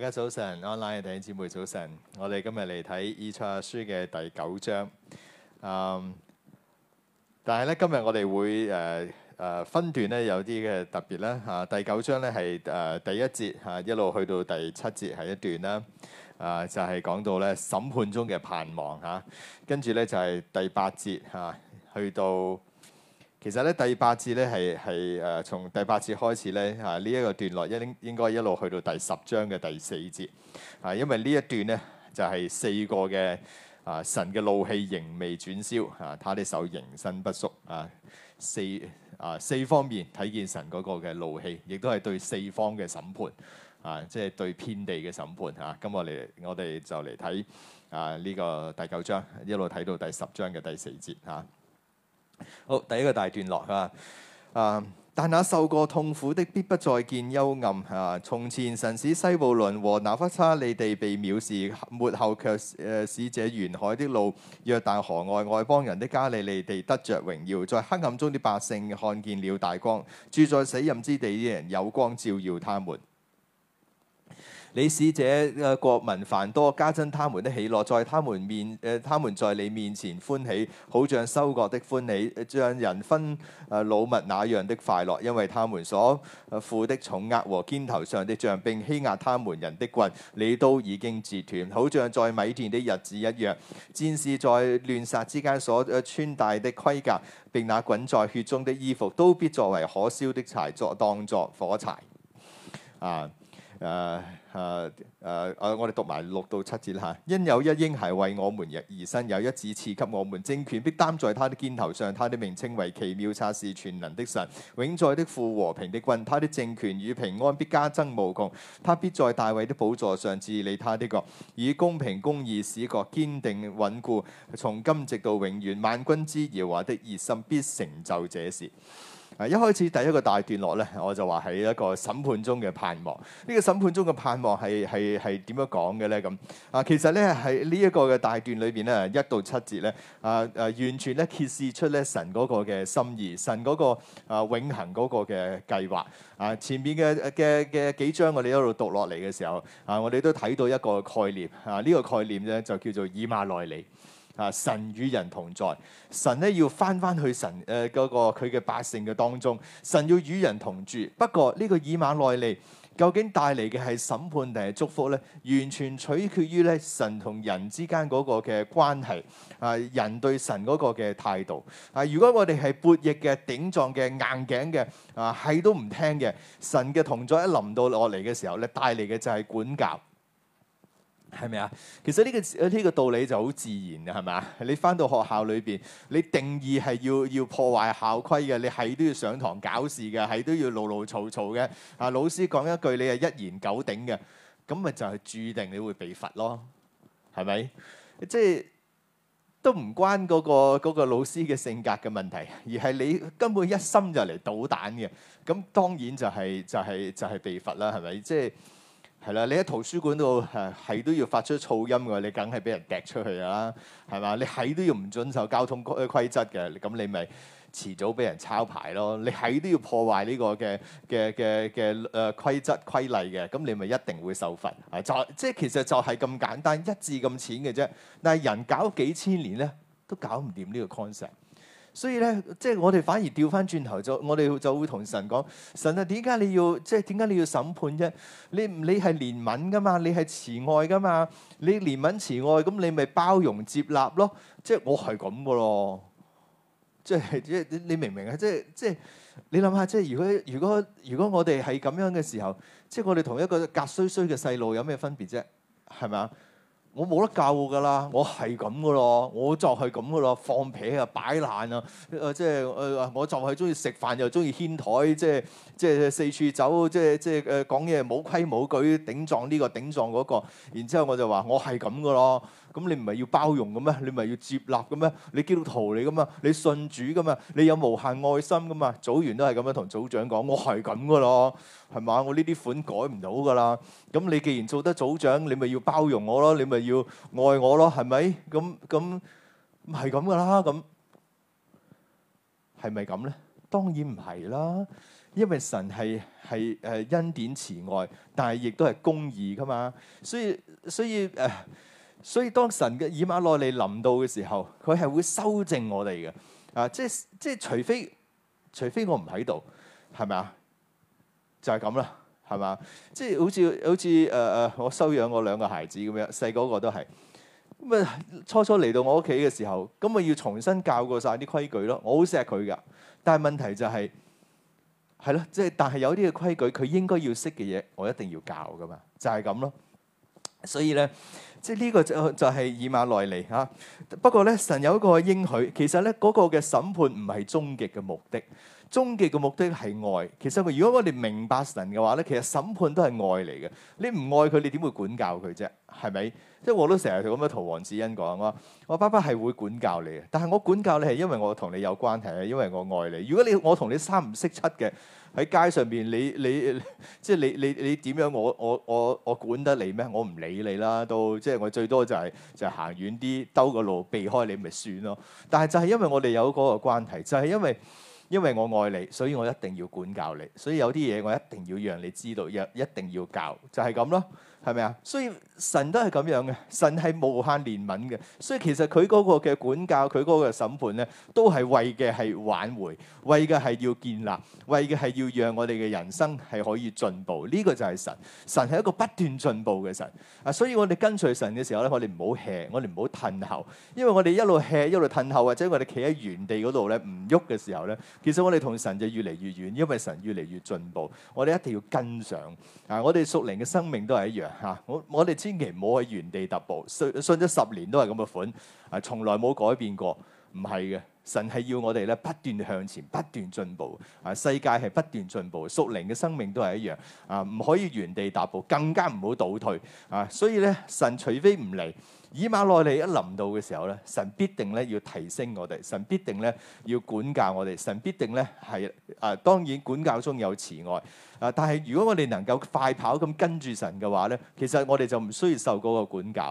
大家早晨，online 嘅弟兄姊妹早晨，我哋今日嚟睇以賽亞書嘅第九章。嗯，但係咧今日我哋會誒誒、呃呃、分段咧有啲嘅特別啦。吓、啊，第九章咧係誒第一節吓、啊、一路去到第七節係一段啦。啊，就係、是、講到咧審判中嘅盼望吓，跟住咧就係、是、第八節吓去到。啊其實咧，第八節咧係係誒，從、呃、第八節開始咧啊，呢、這、一個段落應應該一路去到第十章嘅第四節啊，因為呢一段咧就係、是、四個嘅啊，神嘅怒氣仍未轉消啊，祂啲手仍伸不縮啊，四啊四方面睇見神嗰個嘅怒氣，亦都係對四方嘅審判啊，即係對遍地嘅審判啊。今日嚟我哋就嚟睇啊呢、這個第九章，一路睇到第十章嘅第，第四節啊。好，第一個大段落啊！啊，但那受過痛苦的，必不再見幽暗啊！從前神使西布倫和拿弗他利地被藐視，末後卻、呃、使這沿海的路約但河外外邦人的加利利地得着榮耀，在黑暗中的百姓看見了大光，住在死蔭之地的人有光照耀他們。你使這嘅、呃、國民繁多，加增他們的喜樂，在他們面誒、呃，他們在你面前歡喜，好像收割的歡喜，像人分啊、呃、擄物那樣的快樂。因為他們所負的重壓和肩頭上的杖，並欺壓他們人的棍，你都已經折斷，好像在米甸的日子一樣。戰士在亂殺之間所穿戴的盔甲，並那滾在血中的衣服，都必作為可燒的柴，作當作火柴。啊誒！呃誒誒誒，uh, uh, uh, 我哋讀埋六到七節嚇、uh。因有一嬰孩為我們而生，有一子賜給我們政權，必擔在他的肩頭上。他的名稱為奇妙策士全能的神，永在的父和平的君。他的政權與平安必加增無窮，他必在大衛的寶座上治理他的國，以公平公義使國堅定穩固。從今直到永遠，萬軍之耶和華的熱心必成就這事。啊！一開始第一個大段落咧，我就話喺一個審判中嘅盼望。呢個審判中嘅盼望係係係點樣講嘅咧？咁啊，其實咧喺呢一個嘅大段裏邊咧，一到七節咧啊啊，完全咧揭示出咧神嗰個嘅心意，神嗰個啊、呃、永恆嗰個嘅計劃。啊，前面嘅嘅嘅幾章，我哋一路讀落嚟嘅時候啊，我哋都睇到一個概念啊。呢個概念咧就叫做以馬內利。啊！神與人同在，神咧要返返去神誒嗰個佢嘅百姓嘅當中，神要與人同住。不過呢個以馬內利究竟帶嚟嘅係審判定係祝福咧？完全取決於咧神同人之間嗰個嘅關係啊！人對神嗰個嘅態度啊！如果我哋係叛逆嘅頂撞嘅硬頸嘅啊，係都唔聽嘅，神嘅同在一臨到落嚟嘅時候咧，帶嚟嘅就係管教。係咪啊？其實呢個呢個道理就好自然嘅，係咪啊？你翻到學校裏邊，你定義係要要破壞校規嘅，你係都要上堂搞事嘅，係都要嘮嘮嘈嘈嘅。啊，老師講一句，你係一言九鼎嘅，咁咪就係注定你會被罰咯，係咪？即係都唔關嗰個嗰個老師嘅性格嘅問題，而係你根本一心就嚟搗蛋嘅。咁當然就係就係就係被罰啦，係咪？即係。係啦，你喺圖書館度係、啊、係都要發出噪音嘅，你梗係俾人夾出去啦，係嘛？你係都要唔遵守交通規規則嘅，咁你咪遲早俾人抄牌咯。你係都要破壞呢個嘅嘅嘅嘅誒規則規例嘅，咁你咪一定會受罰。啊、就即係其實就係咁簡單，一字咁淺嘅啫。但係人搞幾千年咧，都搞唔掂呢個 concept。所以咧，即係我哋反而調翻轉頭，就我哋就會同神講：神啊，點解你要即係點解你要審判啫？你你係憐憫噶嘛？你係慈愛噶嘛？你憐憫慈愛，咁你咪包容接納咯。即係我係咁噶咯。即係即係你明唔明啊？即係即係你諗下，即係如果如果如果我哋係咁樣嘅時候，即係我哋同一個格衰衰嘅細路有咩分別啫？係咪？我冇得救㗎啦，我係咁噶咯，我就係咁噶咯，放屁啊，擺爛啊，誒即係誒、呃，我就係中意食飯又中意掀台，即係即係四處走，即係即係誒講嘢冇規冇矩，頂撞呢個頂撞嗰個，然之後我就話我係咁噶咯。咁你唔係要包容嘅咩？你咪要接納嘅咩？你基督徒嚟噶嘛？你信主噶嘛？你有無限愛心噶嘛？組員都係咁樣同組長講，我係咁噶咯，係嘛？我呢啲款改唔到噶啦。咁你既然做得組長，你咪要包容我咯，你咪要愛我咯，係咪？咁咁係咁噶啦。咁係咪咁咧？當然唔係啦，因為神係係誒恩典慈愛，但係亦都係公義噶嘛。所以所以誒。呃所以當神嘅以馬內利臨到嘅時候，佢係會修正我哋嘅啊！即係即係除非除非我唔喺度，係咪啊？就係咁啦，係咪啊？即係好似好似誒誒，我收養我兩個孩子咁樣，細嗰個都係咁啊！初初嚟到我屋企嘅時候，咁咪要重新教過晒啲規矩咯。我好錫佢㗎，但係問題就係係咯，即係、就是、但係有啲嘅規矩，佢應該要識嘅嘢，我一定要教㗎嘛，就係、是、咁咯。所以咧。即係呢個就就係以馬內利嚇。不過咧，神有一個應許，其實咧，嗰個嘅審判唔係終極嘅目的，終極嘅目的係愛。其實，如果我哋明白神嘅話咧，其實審判都係愛嚟嘅。你唔愛佢，你點會管教佢啫？係咪？即係我都成日咁樣同黃子欣講，我話我爸爸係會管教你嘅，但係我管教你係因為我同你有關係，係因為我愛你。如果你我同你三唔識七嘅。喺街上邊，你你即係你你你點樣？我我我我管得你咩？我唔理你啦，都即係我最多就係、係、就行、係、遠啲，兜個路避開你咪算咯。但係就係因為我哋有嗰個關係，就係、係、因為因為我愛你，所以我一定要管教你，所以有啲嘢我一定要讓你知道，一一定要教，就係咁咯。係咪啊？所以神都係咁樣嘅，神係無限憐憫嘅。所以其實佢嗰個嘅管教，佢嗰個審判咧，都係為嘅係挽回，為嘅係要建立，為嘅係要讓我哋嘅人生係可以進步。呢個就係神，神係一個不斷進步嘅神。啊，所以我哋跟隨神嘅時候咧，我哋唔好吃，我哋唔好褪後，因為我哋一路吃一路褪後，或者我哋企喺原地嗰度咧唔喐嘅時候咧，其實我哋同神就越嚟越遠，因為神越嚟越進步，我哋一定要跟上。啊，我哋屬靈嘅生命都係一樣。吓、啊、我我哋千祈唔好喺原地踏步，信信咗十年都係咁嘅款，啊從來冇改變過，唔係嘅，神係要我哋咧不斷向前，不斷進步，啊世界係不斷進步，屬靈嘅生命都係一樣，啊唔可以原地踏步，更加唔好倒退，啊所以咧神除非唔嚟。以馬內利一臨到嘅時候咧，神必定咧要提升我哋，神必定咧要管教我哋，神必定咧係啊當然管教中有慈愛啊、呃，但係如果我哋能夠快跑咁跟住神嘅話咧，其實我哋就唔需要受嗰個管教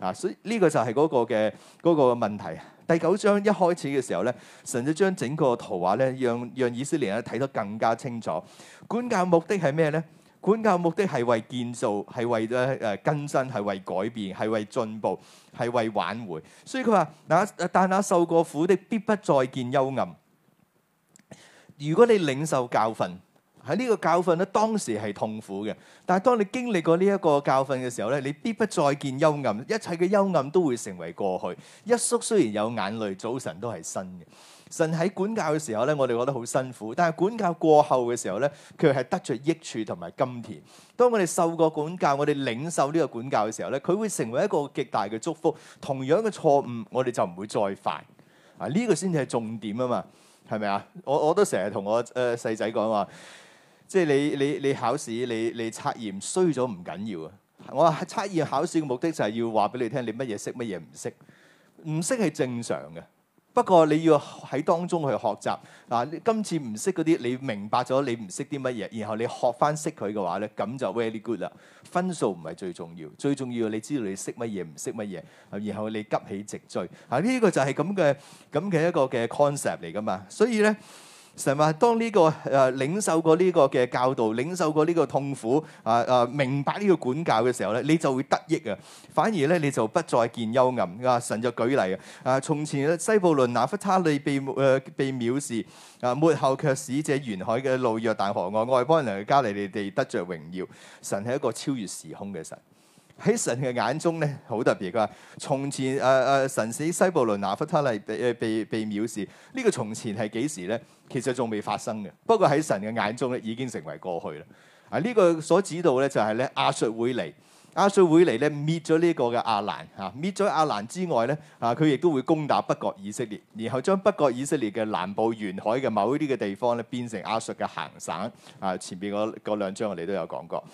啊！啊，所以呢個就係嗰個嘅嗰、嗰個問題。第九章一開始嘅時候咧，神就將整個圖畫咧，讓讓以色列人睇得更加清楚。管教目的係咩咧？管教目的係為建造，係為咧誒更新，係為改變，係為進步，係為挽回。所以佢話：嗱，但那受過苦的必不再見幽暗。如果你領受教訓，喺呢個教訓咧，當時係痛苦嘅。但係當你經歷過呢一個教訓嘅時候咧，你必不再見幽暗，一切嘅幽暗都會成為過去。一宿雖然有眼淚，早晨都係新嘅。神喺管教嘅時候咧，我哋覺得好辛苦；但係管教過後嘅時候咧，佢係得著益處同埋甘甜。當我哋受過管教，我哋領受呢個管教嘅時候咧，佢會成為一個極大嘅祝福。同樣嘅錯誤，我哋就唔會再犯。啊，呢個先至係重點啊嘛，係咪啊？我我都成日同我誒細仔講話，即係你你你考試，你你測驗衰咗唔緊要啊！我話測驗考試嘅目的就係要話俾你聽，你乜嘢識，乜嘢唔識，唔識係正常嘅。不過你要喺當中去學習嗱、啊，今次唔識嗰啲，你明白咗你唔識啲乜嘢，然後你學翻識佢嘅話咧，咁就 very good 啦。分數唔係最重要，最重要你知道你識乜嘢唔識乜嘢、啊，然後你急起直追，啊呢、呢個就係咁嘅咁嘅一個嘅 concept 嚟噶嘛，所以咧。神話，當呢、這個誒、呃、領受過呢個嘅教導，領受過呢個痛苦，啊、呃、啊、呃、明白呢個管教嘅時候咧，你就會得益啊。反而咧，你就不再見幽暗。啊、呃，神就舉例啊。啊、呃，從前西布倫、拿弗他利被誒、呃、被藐視，啊、呃、末後卻使者沿海嘅路約旦河外，外邦人加利利地得着榮耀。神係一個超越時空嘅神。喺神嘅眼中咧，好特別。佢、呃、話從前誒誒、呃，神死西布倫、拿弗他利被、呃、被被藐視。呢、這個從前係幾時咧？其實仲未發生嘅，不過喺神嘅眼中咧，已經成為過去啦。啊，呢、這個所指導咧就係、是、咧，亞述會嚟，亞述會嚟咧滅咗呢個嘅亞蘭嚇、啊，滅咗亞蘭之外咧，啊佢亦都會攻打北國以色列，然後將北國以色列嘅南部沿海嘅某啲嘅地方咧變成亞述嘅行省。啊，前邊嗰兩章我哋都有講過，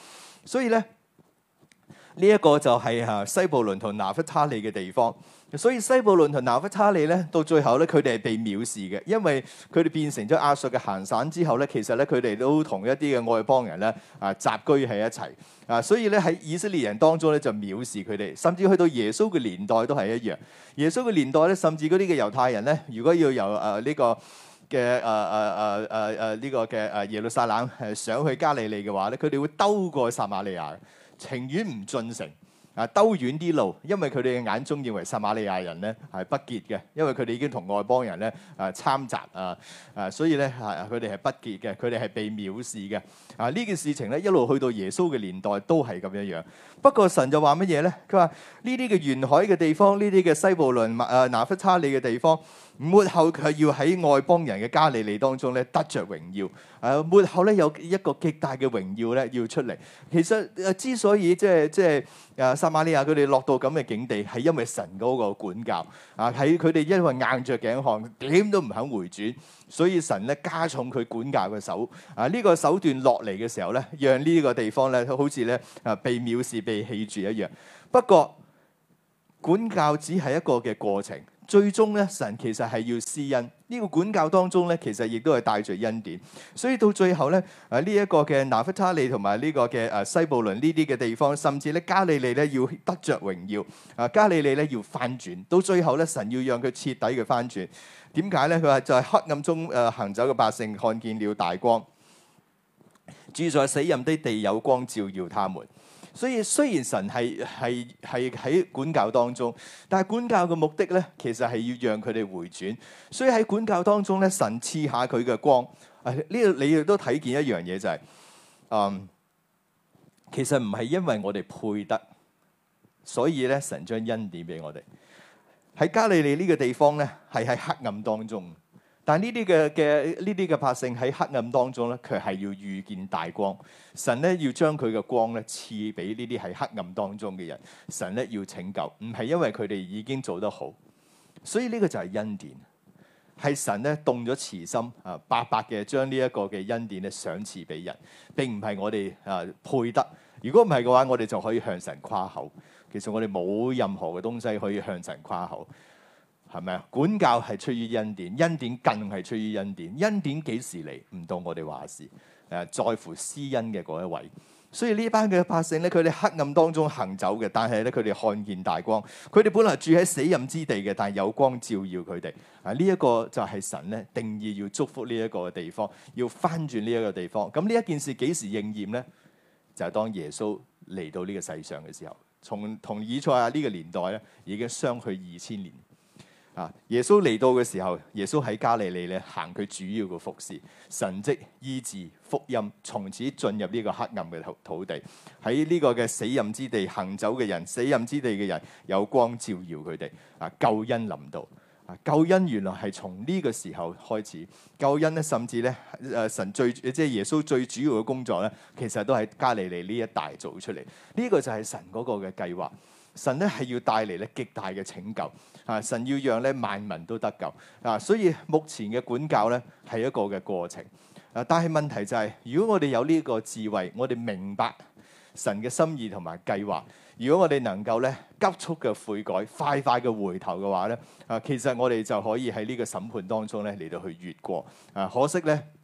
所以咧呢一、這個就係嚇西布倫同拿弗他利嘅地方。所以西布倫同拿弗他利咧，到最後咧，佢哋係被藐視嘅，因為佢哋變成咗亞述嘅行省之後咧，其實咧佢哋都同一啲嘅外邦人咧啊雜居喺一齊啊，所以咧喺以色列人當中咧就藐視佢哋，甚至去到耶穌嘅年代都係一樣。耶穌嘅年代咧，甚至嗰啲嘅猶太人咧，如果要由啊呢個嘅啊啊啊啊啊呢個嘅啊耶路撒冷上去加利利嘅話咧，佢哋會兜過撒瑪利亞，情願唔進城。啊，兜遠啲路，因為佢哋嘅眼中認為撒瑪利亞人咧係不潔嘅，因為佢哋已經同外邦人咧啊參雜啊啊，所以咧係佢哋係不潔嘅，佢哋係被藐視嘅。啊，呢件事情咧一路去到耶穌嘅年代都係咁樣樣。不過神就話乜嘢咧？佢話呢啲嘅沿海嘅地方，呢啲嘅西布倫啊拿弗差利嘅地方。末後佢要喺外邦人嘅加利利當中咧得着榮耀，啊末後咧有一個極大嘅榮耀咧要出嚟。其實、啊、之所以即係即係啊撒瑪利亞佢哋落到咁嘅境地，係因為神嗰個管教啊，喺佢哋因為硬着頸項，點都唔肯回轉，所以神咧加重佢管教嘅手啊呢、呢個手段落嚟嘅時候咧，讓呢個地方咧好似咧啊被藐視、被棄住一樣。不過管教只係一個嘅過程。最終咧，神其實係要施恩，呢個管教當中咧，其實亦都係帶着恩典。所以到最後咧，啊呢一個嘅拿弗他利同埋呢個嘅啊西布倫呢啲嘅地方，甚至咧加利利咧要得着榮耀，啊加利利咧要翻轉。到最後咧，神要讓佢徹底嘅翻轉。點解咧？佢話在黑暗中誒行走嘅百姓看見了大光，住在死蔭的地有光照耀他們。所以雖然神係係係喺管教當中，但係管教嘅目的咧，其實係要讓佢哋回轉。所以喺管教當中咧，神賜下佢嘅光。誒，呢度你亦都睇見一樣嘢就係啊，嗯，其實唔係因為我哋配得，所以咧，神將恩典俾我哋，喺加利利呢個地方咧，係喺黑暗當中。但呢啲嘅嘅呢啲嘅百姓喺黑暗當中咧，卻係要遇見大光。神咧要將佢嘅光咧賜俾呢啲喺黑暗當中嘅人。神咧要拯救，唔係因為佢哋已經做得好。所以呢個就係恩典，係神咧動咗慈心啊，白白嘅將呢一個嘅恩典咧賞賜俾人，並唔係我哋啊配得。如果唔係嘅話，我哋就可以向神誇口。其實我哋冇任何嘅東西可以向神誇口。係咪啊？管教係出於恩典，恩典更係出於恩典。恩典幾時嚟？唔到我哋話事。誒、啊，在乎施恩嘅嗰一位。所以呢班嘅百姓咧，佢哋黑暗當中行走嘅，但係咧佢哋看見大光。佢哋本來住喺死蔭之地嘅，但係有光照耀佢哋。啊，呢、這、一個就係神咧，定意要祝福呢一個嘅地方，要翻轉呢一個地方。咁呢一件事幾時應驗咧？就係、是、當耶穌嚟到呢個世上嘅時候，從同以賽亞呢個年代咧，已經相去二千年。啊！耶穌嚟到嘅時候，耶穌喺加利利咧行佢主要嘅服事，神蹟、醫治、福音，從此進入呢個黑暗嘅土土地，喺呢個嘅死蔭之地行走嘅人，死蔭之地嘅人有光照耀佢哋啊！救恩臨到啊！救恩原來係從呢個時候開始，救恩咧甚至咧誒神最即係耶穌最主要嘅工作咧，其實都喺加利利呢一帶做出嚟。呢、這個就係神嗰個嘅計劃，神咧係要帶嚟咧極大嘅拯救。啊！神要讓咧萬民都得救啊！所以目前嘅管教咧係一個嘅過程啊！但係問題就係，如果我哋有呢個智慧，我哋明白神嘅心意同埋計劃，如果我哋能夠咧急速嘅悔改、快快嘅回頭嘅話咧啊，其實我哋就可以喺呢個審判當中咧嚟到去越過啊！可惜咧。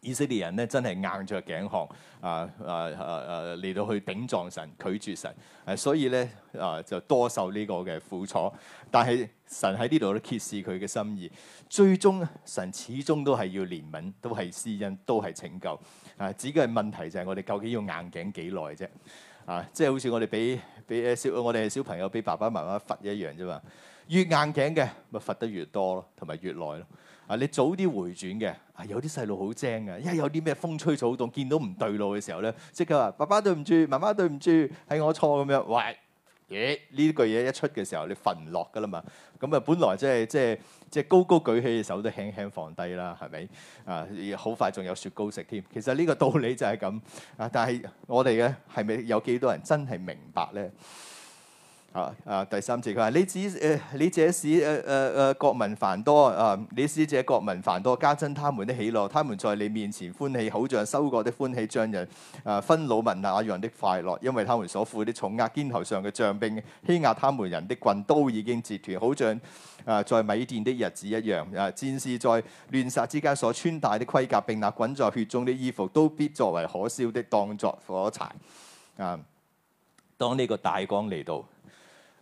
以色列人咧真係硬着頸項，啊啊啊啊嚟到去頂撞神、拒絕神，啊、所以咧啊就多受呢個嘅苦楚。但係神喺呢度都揭示佢嘅心意，最終神始終都係要憐憫，都係施恩，都係拯救。啊，只嘅問題就係我哋究竟要硬頸幾耐啫？啊，即係好似我哋俾俾小我哋嘅小朋友俾爸爸媽媽罰一樣啫嘛。越硬頸嘅咪罰得越多咯，同埋越耐咯。啊！你早啲回轉嘅啊，有啲細路好精嘅，一有啲咩風吹草動，見到唔對路嘅時候咧，即刻話爸爸對唔住，媽媽對唔住，係我錯咁樣。喂，咦、欸？呢句嘢一出嘅時候，你瞓唔落噶啦嘛？咁啊，本來即係即係即係高高舉起嘅手都輕輕放低啦，係咪啊？好快仲有雪糕食添。其實呢個道理就係咁啊，但係我哋咧係咪有幾多人真係明白咧？啊！啊，第三節佢話：你指誒、呃，你這是誒誒誒國民繁多啊！你使這國民繁多，加增他們的喜樂，他們在你面前歡喜，好像收割的歡喜將人誒分老民那樣的快樂，因為他們所負的重軛，肩頭上嘅杖並欺壓他們人的棍都已經折斷，好像誒、啊、在米甸的日子一樣。誒、啊、戰士在亂殺之間所穿戴的盔甲並那滾在血中的衣服都必作為可燒的，當作火柴啊！當呢個大光嚟到。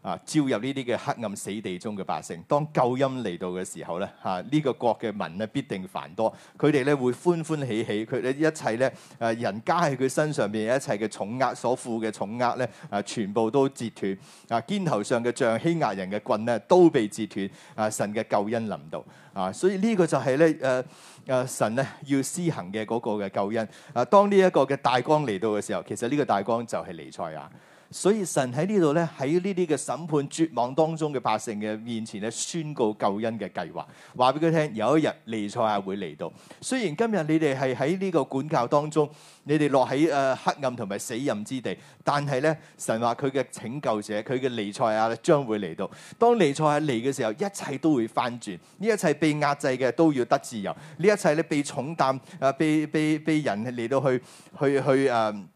啊！照入呢啲嘅黑暗死地中嘅百姓，當救恩嚟到嘅時候咧，啊呢、這個國嘅民咧必定繁多，佢哋咧會歡歡喜喜，佢哋一切咧誒、啊、人加喺佢身上邊一切嘅重壓所負嘅重壓咧誒全部都截斷，啊肩頭上嘅杖欺壓人嘅棍咧都被截斷，啊神嘅救恩臨到，啊所以呢個就係咧誒誒神咧要施行嘅嗰個嘅救恩，啊當呢一個嘅大光嚟到嘅時候，其實呢個大光就係彌賽亞。所以神喺呢度咧，喺呢啲嘅審判絕望當中嘅百姓嘅面前咧，宣告救恩嘅計劃，話俾佢聽，有一日彌賽亞會嚟到。雖然今日你哋係喺呢個管教當中，你哋落喺誒黑暗同埋死蔭之地，但係咧，神話佢嘅拯救者，佢嘅彌賽亞將會嚟到。當彌賽亞嚟嘅時候，一切都會翻轉。呢一切被壓制嘅都要得自由。呢一切咧被重擔誒被被被人嚟到去去去誒。去呃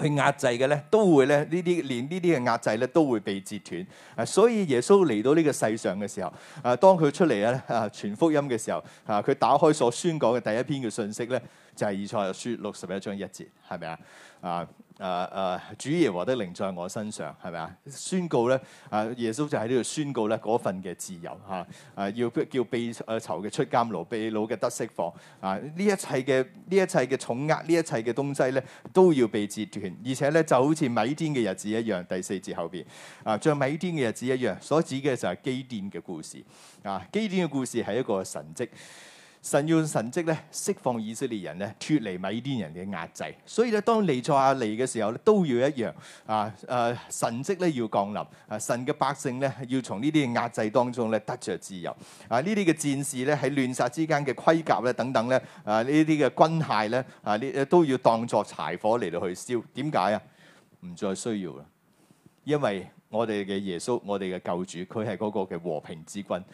去壓制嘅咧，都會咧呢啲連呢啲嘅壓制咧，都會被截斷。啊，所以耶穌嚟到呢個世上嘅時候，啊，當佢出嚟啊，傳福音嘅時候，啊，佢打開所宣講嘅第一篇嘅信息咧，就係、是《以賽亞書》六十一章一節，係咪啊？啊！誒誒、啊啊，主耶和華的靈在我身上，係咪啊？宣告咧，誒、啊、耶穌就喺呢度宣告咧，嗰份嘅自由嚇，誒、啊啊、要叫被囚嘅出監牢，被奴嘅得釋放啊！呢一切嘅呢一切嘅重壓，呢一切嘅東西咧，都要被截斷，而且咧就好似米甸嘅日子一樣。第四節後邊啊，像米甸嘅日子一樣，所指嘅就係基甸嘅故事啊。基甸嘅故事係一個神蹟。神要神蹟咧，釋放以色列人咧，脱離米甸人嘅壓制。所以咧，當彌賽亞嚟嘅時候咧，都要一樣啊！誒，神蹟咧要降臨，啊，神嘅、啊、百姓咧要從呢啲嘅壓制當中咧得着自由。啊，呢啲嘅戰士咧喺亂殺之間嘅盔甲咧等等咧啊，呢啲嘅軍械咧啊呢都要當作柴火嚟到去燒。點解啊？唔再需要啦，因為我哋嘅耶穌，我哋嘅救主，佢係嗰個嘅和平之君。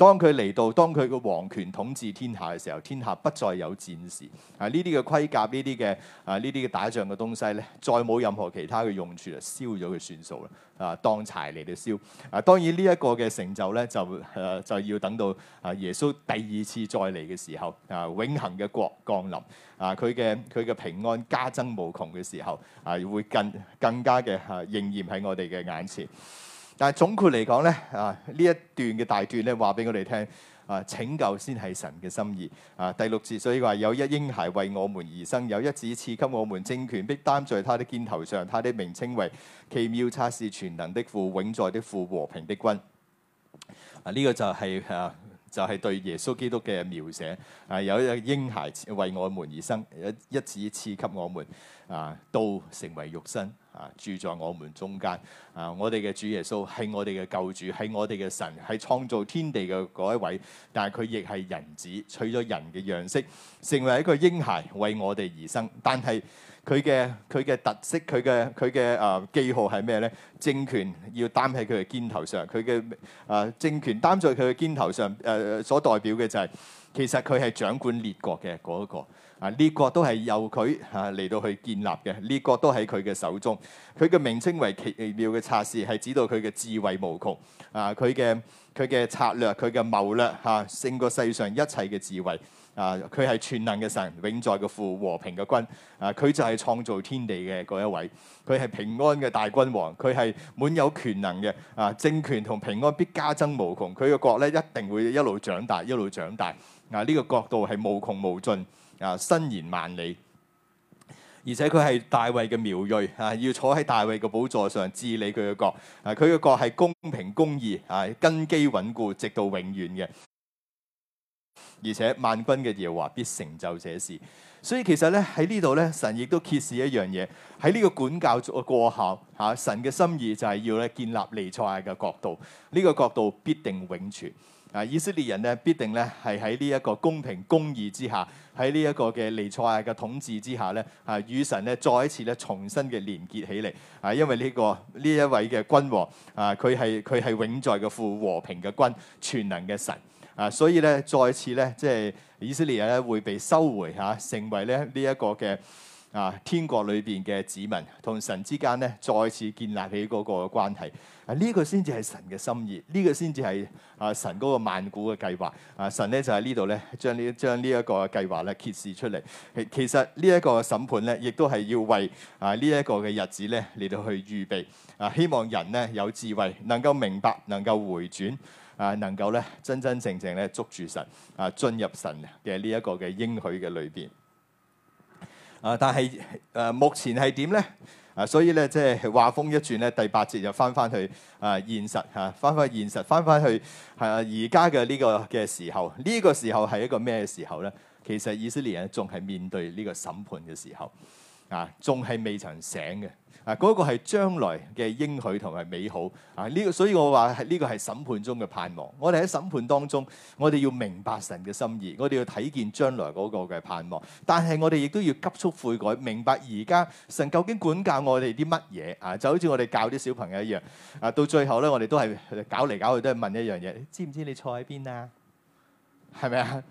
當佢嚟到，當佢個皇權統治天下嘅時候，天下不再有戰事。啊，呢啲嘅盔甲，呢啲嘅啊，呢啲嘅打仗嘅東西咧，再冇任何其他嘅用處，燒就燒咗佢算數啦。啊，當柴嚟到燒。啊，當然呢一個嘅成就咧，就誒、啊、就要等到啊耶穌第二次再嚟嘅時候，啊永恒嘅國降臨。啊，佢嘅佢嘅平安加增無窮嘅時候，啊會更更加嘅啊應驗喺我哋嘅眼前。但係總括嚟講咧，啊呢一段嘅大段咧話俾我哋聽，啊拯救先係神嘅心意。啊第六節，所以話有一嬰孩為我們而生，有一子賜給我們政權，必擔在他的肩頭上，他的名稱為奇妙策士、全能的父、永在的父、和平的君。啊呢、這個就係、是、啊。Uh, 就係對耶穌基督嘅描寫，啊有一個嬰孩為我們而生，一一子賜給我們，啊道成為肉身，啊住在我們中間，啊我哋嘅主耶穌係我哋嘅救主，係我哋嘅神，係創造天地嘅嗰一位，但係佢亦係人子，取咗人嘅樣式，成為一個嬰孩為我哋而生，但係。佢嘅佢嘅特色，佢嘅佢嘅啊記號係咩咧？政權要擔喺佢嘅肩頭上，佢嘅啊政權擔在佢嘅肩頭上，誒、啊、所代表嘅就係、是、其實佢係掌管列國嘅嗰一個啊！列國都係由佢啊嚟到去建立嘅，列國都喺佢嘅手中。佢嘅名稱為奇妙嘅策士，係指到佢嘅智慧無窮啊！佢嘅佢嘅策略，佢嘅謀略嚇勝過世上一切嘅智慧。啊！佢係全能嘅神，永在嘅父，和平嘅君。啊！佢就係創造天地嘅嗰一位。佢係平安嘅大君王，佢係滿有權能嘅。啊！政權同平安必加增無窮，佢嘅國咧一定會一路長大，一路長大。嗱、啊，呢、呢個國度係無窮無盡，啊，伸延萬里。而且佢係大衛嘅苗裔，啊，要坐喺大衛嘅寶座上治理佢嘅國。啊，佢嘅國係公平公義，啊，根基穩固，直到永遠嘅。而且萬軍嘅耶華必成就這事，所以其實咧喺呢度咧，神亦都揭示一樣嘢，喺呢個管教嘅過後，吓、啊、神嘅心意就係要咧建立彌賽亞嘅國度，呢、這個國度必定永存啊！以色列人咧必定咧係喺呢一個公平公義之下，喺呢一個嘅彌賽亞嘅統治之下咧，啊，與神咧再一次咧重新嘅連結起嚟啊！因為呢、這個呢一位嘅君王啊，佢係佢係永在嘅父，和平嘅君，全能嘅神。啊，所以咧，再次咧，即係以色列人咧，會被收回嚇、啊，成為咧呢一個嘅啊天國裏邊嘅子民，同神之間咧，再次建立起嗰個關係。啊，呢、這個先至係神嘅心意，呢、這個先至係啊神嗰個萬古嘅計劃。啊，神咧就喺、是、呢度咧，將呢將呢一個計劃咧揭示出嚟。其實審呢一個審判咧，亦都係要為啊呢一、這個嘅日子咧嚟到去預備。啊，希望人咧有智慧，能夠明白，能夠回轉。啊，能夠咧真真正正咧捉住神啊，進入神嘅呢一個嘅應許嘅裏邊啊，但係誒、啊、目前係點咧？啊，所以咧即係畫風一轉咧，第八節就翻翻去啊現實嚇，翻翻現實，翻、啊、翻去係而家嘅呢個嘅時候，呢、呢個時候係一個咩時候咧？其實以色列人仲係面對呢個審判嘅時候啊，仲係未曾醒嘅。嗱，嗰個係將來嘅應許同埋美好。啊，呢，所以我話係呢個係審判中嘅盼望。我哋喺審判當中，我哋要明白神嘅心意，我哋要睇見將來嗰個嘅盼望。但係我哋亦都要急速悔改，明白而家神究竟管教我哋啲乜嘢。啊，就好似我哋教啲小朋友一樣。啊，到最後咧，我哋都係搞嚟搞去都係問一樣嘢，知唔知你錯喺邊啊？係咪啊？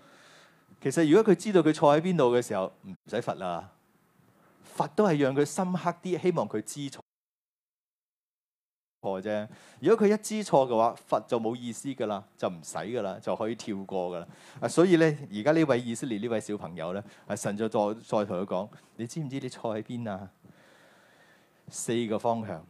其實如果佢知道佢錯喺邊度嘅時候，唔使罰啦。佛都係讓佢深刻啲，希望佢知錯錯啫。如果佢一知錯嘅話，佛就冇意思噶啦，就唔使噶啦，就可以跳過噶啦。啊，所以咧，而家呢位以色列呢位小朋友咧，啊神就再再同佢講：你知唔知你錯喺邊啊？四個方向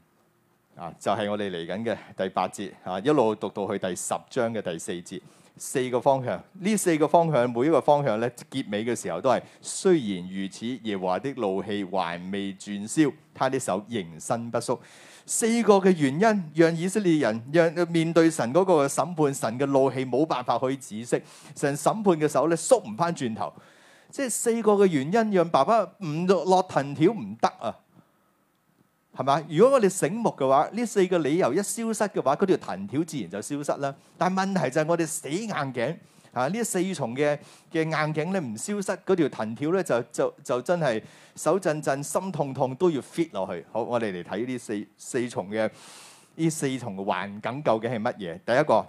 啊，就係我哋嚟緊嘅第八節啊，一路讀到去第十章嘅第四節。四個方向，呢四個方向每一個方向咧結尾嘅時候都係雖然如此，耶和華的怒氣還未轉消，他的手仍伸不縮。四個嘅原因讓以色列人讓面對神嗰個審判，神嘅怒氣冇辦法可以止息，神審判嘅手咧縮唔返轉頭。即係四個嘅原因讓爸爸唔落藤條唔得啊！係嘛？如果我哋醒目嘅話，呢四個理由一消失嘅話，嗰條藤條自然就消失啦。但係問題就係我哋死硬頸，嚇、啊、呢四重嘅嘅硬頸咧唔消失，嗰條藤條咧就就就真係手震震、心痛痛都要 fit 落去。好，我哋嚟睇呢四四重嘅呢四重嘅環境究竟係乜嘢？第一個。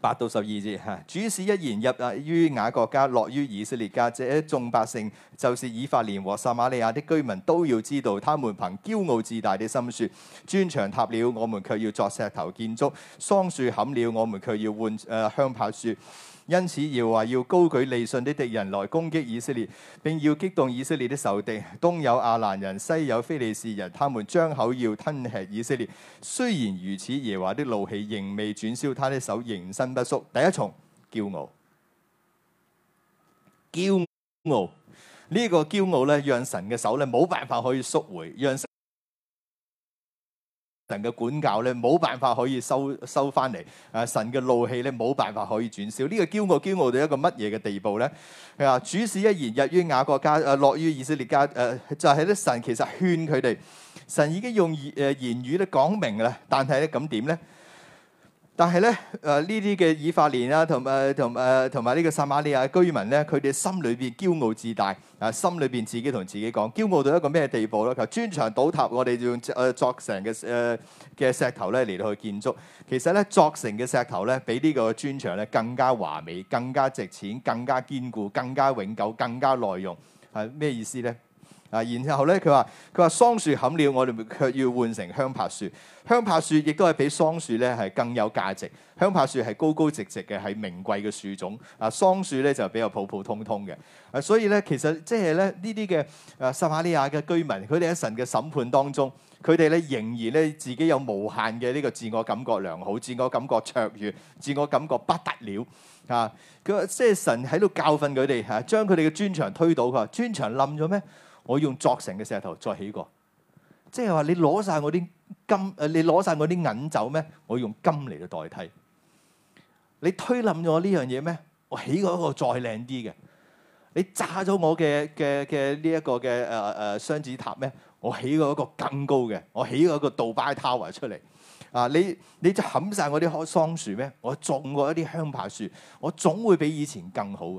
八到十二節，嚇。啊、主使一言入啊，於雅各家，落於以色列家，這眾百姓就是以法蓮和撒瑪利亞的居民都要知道，他們憑驕傲自大的心説：磚牆塌了，我們卻要作石頭建築；桑樹砍了，我們卻要換，誒、呃、香柏樹。因此，耶和華要高舉利汛的敵人來攻擊以色列，並要激動以色列的仇敵，東有亞蘭人，西有非利士人，他們張口要吞吃以色列。雖然如此，耶和華的怒氣仍未轉消，他的手仍伸不縮。第一重，驕傲，驕傲，呢個驕傲呢，讓神嘅手呢冇辦法可以縮回，讓神。神嘅管教咧，冇辦法可以收收翻嚟；誒、啊，神嘅怒氣咧，冇辦法可以轉消。呢、這個驕傲、驕傲到一個乜嘢嘅地步咧？佢、啊、話主使一言入於雅各家，誒、啊、落於以色列家，誒、啊、就係、是、咧神其實勸佢哋，神已經用誒言,、呃、言語咧講明啦，但係咧咁點咧？但係咧，誒呢啲嘅以法蓮啊，同誒、呃、同誒同埋呢個撒瑪利亞居民咧，佢哋心裏邊驕傲自大，啊，心裏邊自己同自己講驕傲到一個咩地步咧？就磚牆倒塌，我哋用誒、呃、作成嘅誒嘅石頭咧嚟到去建築。其實咧，作成嘅石頭咧，比呢個磚牆咧更加華美、更加值錢、更加堅固、更加永久、更加耐用。係、呃、咩意思咧？.啊，然後咧，佢話，佢話桑樹砍了，我哋卻要換成香柏樹。香柏樹亦都係比桑樹咧係更有價值。香柏樹係高高直直嘅，係名貴嘅樹種。啊，桑樹咧就比較普普通通嘅。啊，所以咧，其實即係咧，呢啲嘅啊，撒瑪利亞嘅居民，佢哋喺神嘅審判當中，佢哋咧仍然咧自己有無限嘅呢個自我感覺良好，自我感覺卓越，自我感覺不得了啊！佢話即係神喺度教訓佢哋嚇，將佢哋嘅磚牆推倒。佢話磚牆冧咗咩？我用鑿成嘅石頭再起過，即係話你攞晒我啲金誒，你攞晒我啲銀走咩？我用金嚟到代替。你推冧咗呢樣嘢咩？我起過一個再靚啲嘅。你炸咗我嘅嘅嘅呢一個嘅誒誒雙子塔咩？我起過一個更高嘅，我起過一個杜拜塔出嚟啊！你你就砍晒我啲桑樹咩？我種過一啲香柏樹，我總會比以前更好啊！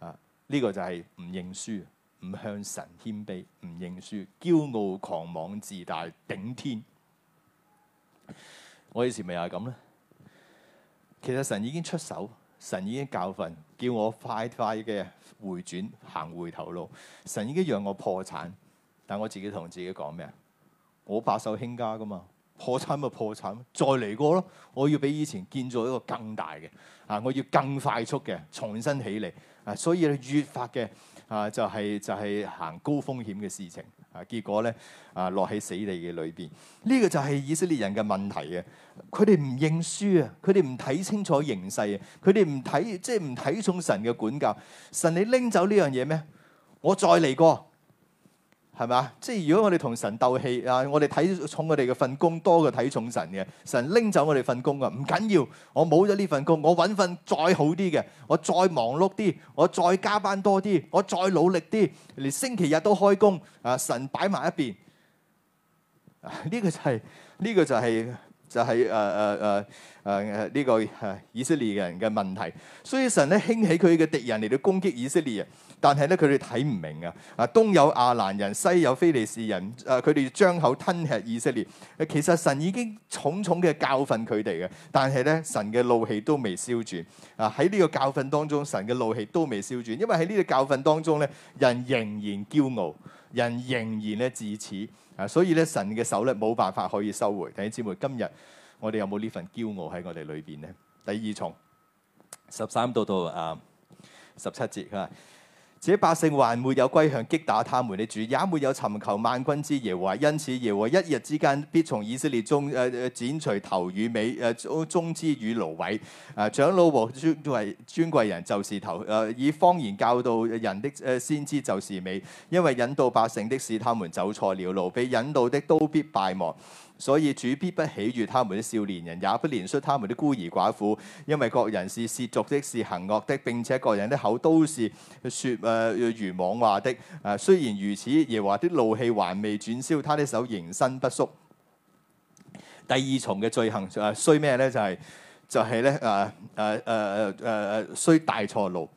呢、啊呢個就係唔認輸。唔向神謙卑，唔認輸，驕傲狂妄自大頂天。我以前咪係咁咧？其實神已經出手，神已經教訓，叫我快快嘅回轉，行回頭路。神已經讓我破產，但我自己同自己講咩啊？我白手興家噶嘛，破產咪破產，再嚟過咯。我要比以前建造一個更大嘅啊！我要更快速嘅重新起嚟啊！所以你越發嘅。啊！就係就係行高風險嘅事情。啊，結果咧啊，落喺死地嘅裏邊。呢個就係以色列人嘅問題啊。佢哋唔認輸啊！佢哋唔睇清楚形勢啊！佢哋唔睇，即係唔睇重神嘅管教。神你拎走呢樣嘢咩？我再嚟過。係嘛？即係如果我哋同神鬥氣啊，我哋睇重我哋嘅份工多過睇重神嘅。神拎走我哋份工啊，唔緊要。我冇咗呢份工，我揾份再好啲嘅，我再忙碌啲，我再加班多啲，我再努力啲，連星期日都開工啊！神擺埋一邊啊！呢個就係呢個就係。就喺誒誒誒誒呢個以色列人嘅問題，所以神咧興起佢嘅敵人嚟到攻擊以色列人，但係咧佢哋睇唔明啊！啊，東有亞蘭人，西有非利士人，啊，佢哋張口吞吃以色列。其實神已經重重嘅教訓佢哋嘅，但係咧神嘅怒氣都未消轉啊！喺呢個教訓當中，神嘅怒氣都未消轉，因為喺呢個教訓當中咧，人仍然驕傲，人仍然咧自恃。啊，所以咧神嘅手咧冇辦法可以收回。弟兄姊妹，今日我哋有冇呢份驕傲喺我哋裏邊咧？第二重，十三到到啊十七節，哈，uh, okay? 這百姓還沒有歸向擊打他們的主，也沒有尋求萬軍之耶和華，因此耶和華一日之間必從以色列中誒誒剪除頭與尾，誒、呃、棕枝與蘆葦。誒、呃、長老和尊貴尊貴人就是頭，誒、呃、以謊言教導人的誒先知就是尾，因為引導百姓的使他們走錯了路，被引導的都必敗亡。所以主必不喜悅他們的少年人，也不憐恤他們的孤兒寡婦，因為各人是涉俗的，是行惡的，並且各人的口都是説誒、呃、愚妄話的。啊，雖然如此，耶和華的怒氣還未轉消，他的手仍伸不縮。第二重嘅罪行誒，衰咩咧？就係、是、就係、是、咧，誒誒誒誒誒，衰、呃呃、大錯路。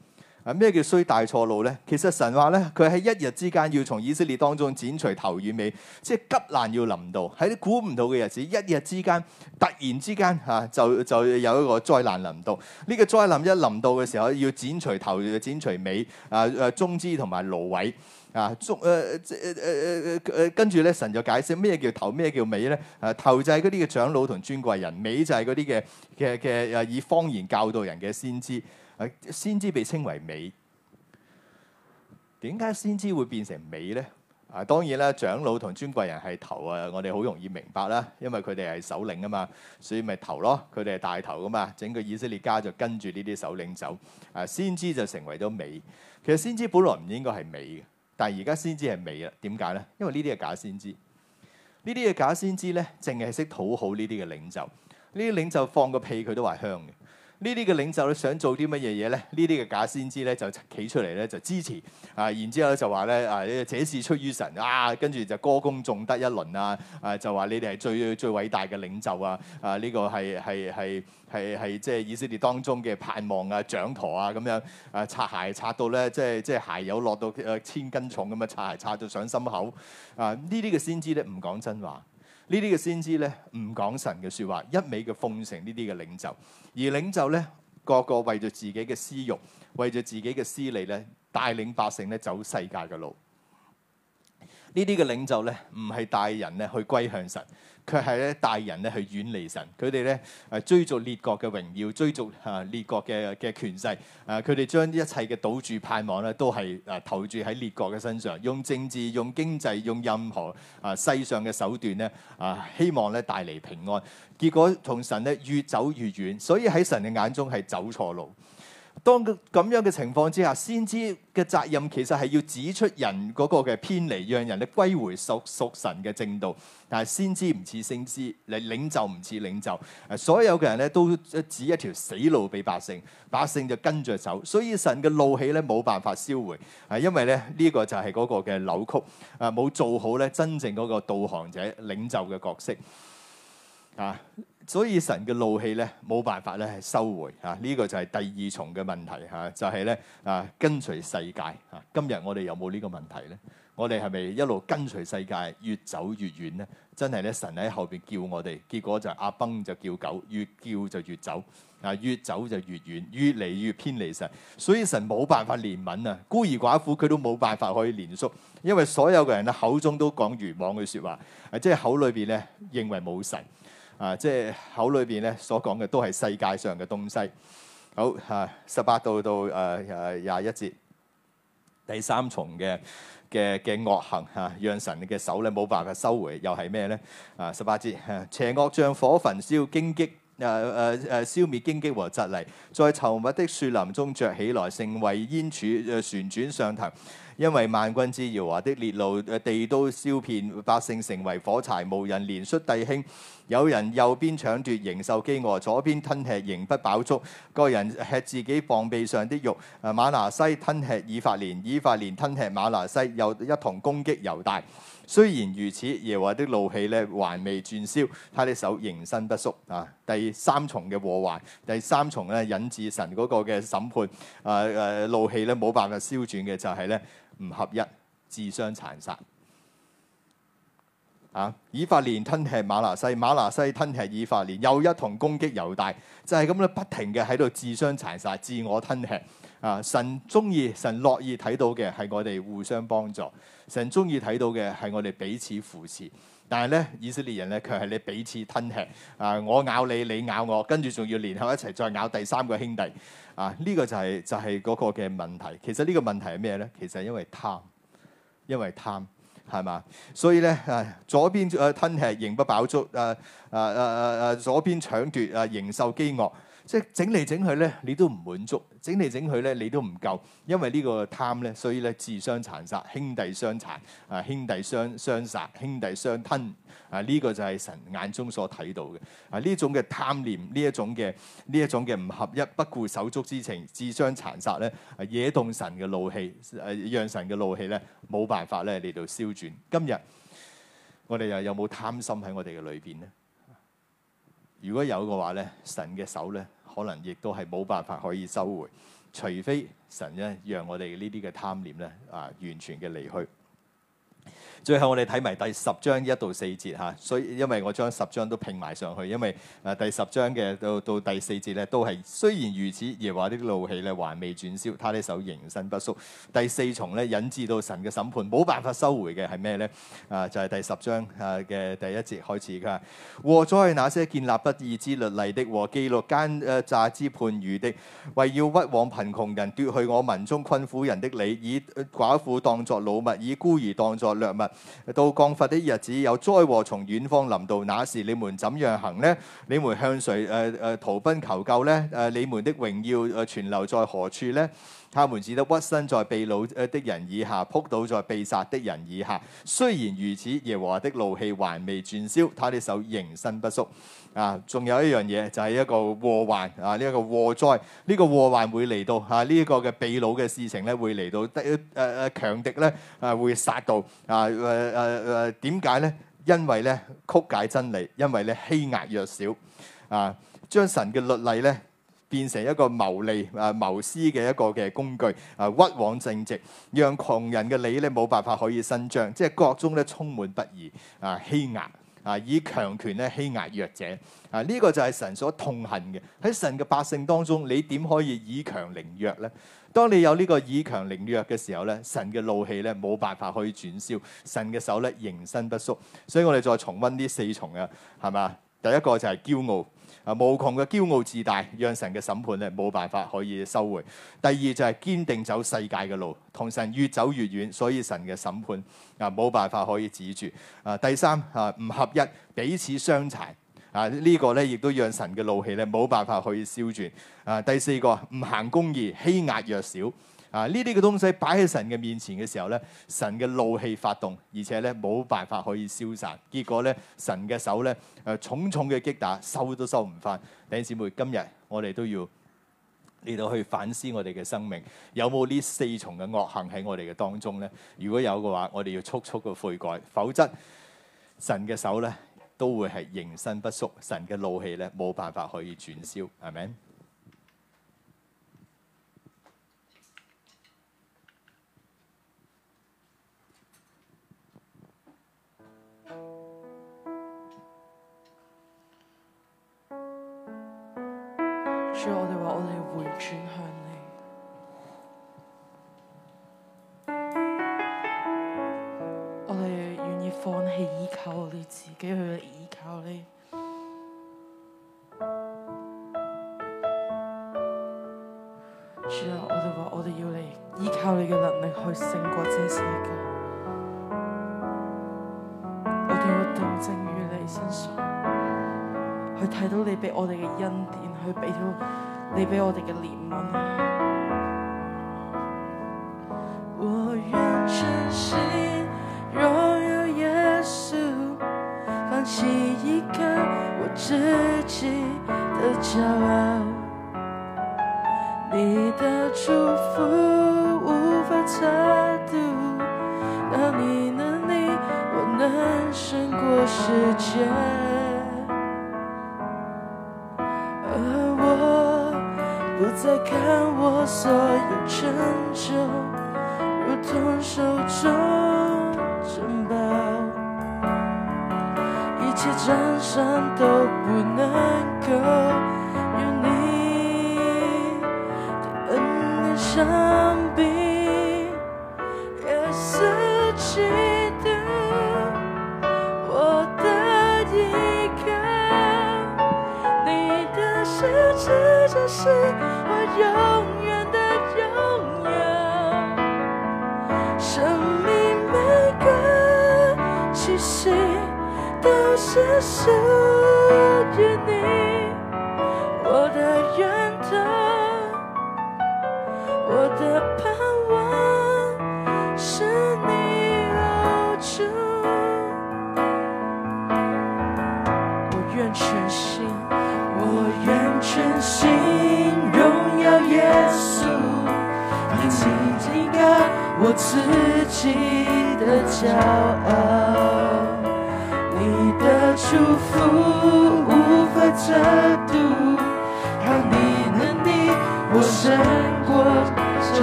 咩叫衰大錯路咧？其實神話咧，佢喺一日之間要從以色列當中剪除頭與尾，即係急難要臨到，喺估唔到嘅日子，一日之間突然之間嚇就就有一個災難臨到。呢、這個災難一臨到嘅時候，要剪除頭，剪除尾，啊誒，棕枝同埋蘆葦啊，棕誒誒誒誒誒，跟住咧神就解釋咩叫頭，咩叫尾咧？啊，頭就係嗰啲嘅長老同尊貴人，尾就係嗰啲嘅嘅嘅誒以謊言教導人嘅先知。先知被稱為美，點解先知會變成美咧？啊，當然啦，長老同尊貴人係頭啊，我哋好容易明白啦，因為佢哋係首領啊嘛，所以咪頭咯，佢哋係大頭噶嘛，整個以色列家就跟住呢啲首領走。啊，先知就成為咗美。其實先知本來唔應該係美嘅，但係而家先知係美呀。點解咧？因為呢啲係假先知，呢啲嘅假先知咧，淨係識討好呢啲嘅領袖，呢啲領袖放個屁佢都話香嘅。呢啲嘅領袖咧想做啲乜嘢嘢咧？呢啲嘅假先知咧就企出嚟咧就支持啊，然之後咧就話咧啊，這事出於神啊，跟住就歌功頌德一輪啊，啊就話你哋係最最偉大嘅領袖啊，啊呢個係係係係係即係以色列當中嘅盼望啊、掌舵啊咁樣啊擦鞋擦到咧即係即係鞋油落到誒千斤重咁樣擦鞋擦到上心口啊呢啲嘅先知咧唔講真話。呢啲嘅先知咧唔講神嘅説話，一味嘅奉承呢啲嘅領袖，而領袖咧個個為咗自己嘅私欲，為咗自己嘅私利咧，帶領百姓咧走世界嘅路。呢啲嘅領袖咧，唔係帶人咧去歸向神。佢係咧帶人咧，去遠離神，佢哋咧誒追逐列國嘅榮耀，追逐啊列國嘅嘅權勢，啊佢哋將一切嘅賭注盼望咧，都係誒投注喺列國嘅身上，用政治、用經濟、用任何啊世上嘅手段咧啊，希望咧帶嚟平安，結果同神咧越走越遠，所以喺神嘅眼中係走錯路。當咁樣嘅情況之下，先知嘅責任其實係要指出人嗰個嘅偏離，讓人咧歸回屬屬神嘅正道。但係先知唔似聖師，你領袖唔似領袖，啊所有嘅人咧都指一條死路俾百姓，百姓就跟著走。所以神嘅怒氣咧冇辦法消回，啊因為咧呢個就係嗰個嘅扭曲，啊冇做好咧真正嗰個導航者領袖嘅角色，啊。所以神嘅怒氣咧，冇辦法咧係收回啊！呢、這個就係第二重嘅問題吓、啊，就係、是、咧啊跟隨世界啊！今日我哋有冇呢個問題咧？我哋係咪一路跟隨世界越走越遠咧？真係咧神喺後邊叫我哋，結果就阿崩就叫狗，越叫就越走啊，越走就越遠，越嚟越偏離神。所以神冇辦法憐憫啊，孤兒寡婦佢都冇辦法可以憐恤，因為所有嘅人咧口中都講愚妄嘅說話，啊即係口裏邊咧認為冇神。啊，即係口裏邊咧所講嘅都係世界上嘅東西。好嚇，十、啊、八到到誒誒廿一節，第三重嘅嘅嘅惡行嚇、啊，讓神嘅手咧冇辦法收回，又係咩咧？啊，十八節，邪惡像火焚燒，荊棘。誒誒誒，消滅荊棘和蒺藜，在稠密的樹林中着起來，成為煙柱、啊、旋轉上騰。因為萬軍之耶和華的烈怒，誒地都燒遍，百姓成為火柴，無人連摔弟兄。有人右邊搶奪，仍受飢餓；左邊吞吃，仍不飽足。各人吃自己膀臂上的肉。誒、啊、馬拿西吞吃以法蓮，以法蓮吞吃馬拿西，又一同攻擊猶大。雖然如此，耶和華的怒氣咧還未轉消，他啲手仍伸不縮啊！第三重嘅禍患，第三重咧引致神嗰個嘅審判啊！誒怒氣咧冇辦法消轉嘅就係咧唔合一，自相殘殺啊！以法蓮吞吃馬拿西，馬拿西吞吃以法蓮，又一同攻擊猶大，就係咁樣，不停嘅喺度自相殘殺，自我吞吃。啊！神中意、神樂意睇到嘅係我哋互相幫助，神中意睇到嘅係我哋彼此扶持。但係咧，以色列人咧，卻係你彼此吞吃啊！我咬你，你咬我，跟住仲要連合一齊再咬第三個兄弟啊！呢、這個就係、是、就係、是、嗰個嘅問題。其實呢個問題係咩咧？其實係因為貪，因為貪係嘛。所以咧、啊，左邊誒吞吃仍不飽足，誒誒誒誒左邊搶奪誒仍受飢餓。即係整嚟整去咧，你都唔滿足；整嚟整去咧，你都唔夠。因為呢個貪咧，所以咧，自相殘殺，兄弟相殘，啊，兄弟相相殺，兄弟相吞。啊，呢、這個就係神眼中所睇到嘅。啊，呢種嘅貪念，呢一種嘅呢一種嘅唔合一，不顧手足之情，自相殘殺咧，惹、啊、動神嘅怒氣，誒、啊，讓神嘅怒氣咧，冇辦法咧嚟到消轉。今日我哋又有冇貪心喺我哋嘅裏邊呢？如果有嘅話咧，神嘅手咧。可能亦都係冇辦法可以收回，除非神呢，讓我哋呢啲嘅貪念呢，啊，完全嘅離去。最後我哋睇埋第十章一到四節嚇、啊，所以因為我將十章都拼埋上去，因為誒、啊、第十章嘅到到第四節咧，都係雖然如此，耶和華啲怒氣咧還未轉消，他啲手仍伸不縮。第四重咧引致到神嘅審判，冇辦法收回嘅係咩咧？啊，就係、是、第十章啊嘅第一節開始，佢、啊、話：禍哉那些建立不義之律例的和記錄奸誣詐、呃、之判語的，為要屈枉貧窮人奪去我民中困苦人的理，以、呃、寡婦當作擄物，以孤兒當作掠物。到降罰的日子，有災禍從遠方臨到，那時你們怎樣行呢？你們向誰誒誒、呃、逃奔求救呢？誒、呃，你們的榮耀誒存留在何處呢？他們只得屈身在被擄的人以下，仆倒在被殺的人以下。雖然如此，耶和華的怒氣還未轉消，他的手仍伸不縮。啊，仲有一樣嘢就係、是、一個禍患啊！呢一個禍災，呢、這個禍患會嚟到啊！呢、這、一個嘅被擄嘅事情咧，會嚟到的誒誒強敵咧啊，會殺到啊誒誒誒點解咧？因為咧曲解真理，因為咧欺壓弱小啊，將神嘅律例咧。變成一個謀利啊、謀私嘅一個嘅工具啊，屈枉正直，讓窮人嘅理咧冇辦法可以伸張，即係國中咧充滿不義啊，欺壓啊，以強權咧欺壓弱者啊，呢、這個就係神所痛恨嘅。喺神嘅百姓當中，你點可以以強凌弱咧？當你有呢個以強凌弱嘅時候咧，神嘅怒氣咧冇辦法可以轉消，神嘅手咧仍伸不縮。所以我哋再重溫呢四重嘅，係咪？第一個就係驕傲。啊！無窮嘅驕傲自大，讓神嘅審判咧冇辦法可以收回。第二就係堅定走世界嘅路，同神越走越遠，所以神嘅審判啊冇辦法可以止住。啊，第三啊唔合一，彼此傷殘。啊、這個、呢個咧亦都讓神嘅怒氣咧冇辦法可以消轉。啊，第四個唔行公義，欺壓弱小。啊！呢啲嘅東西擺喺神嘅面前嘅時候咧，神嘅怒氣發動，而且咧冇辦法可以消散。結果咧，神嘅手咧，誒、呃、重重嘅擊打，收都收唔返。弟兄姊妹，今日我哋都要嚟到去反思我哋嘅生命，有冇呢四重嘅惡行喺我哋嘅當中咧？如果有嘅話，我哋要速速嘅悔改，否則神嘅手咧都會係仍伸不縮，神嘅怒氣咧冇辦法可以轉消，係咪？自己去依靠你，主啊！我哋話我哋要你依靠你嘅能力去勝過這世界，我哋要當正於你身上，去睇到你俾我哋嘅恩典，去俾到你俾我哋嘅憐憫。驕傲，你的祝福無法猜度。當你能你我能勝過世界，而我不再看我所有成就，如同手中珍寶，一切掌聲都。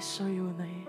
需要你。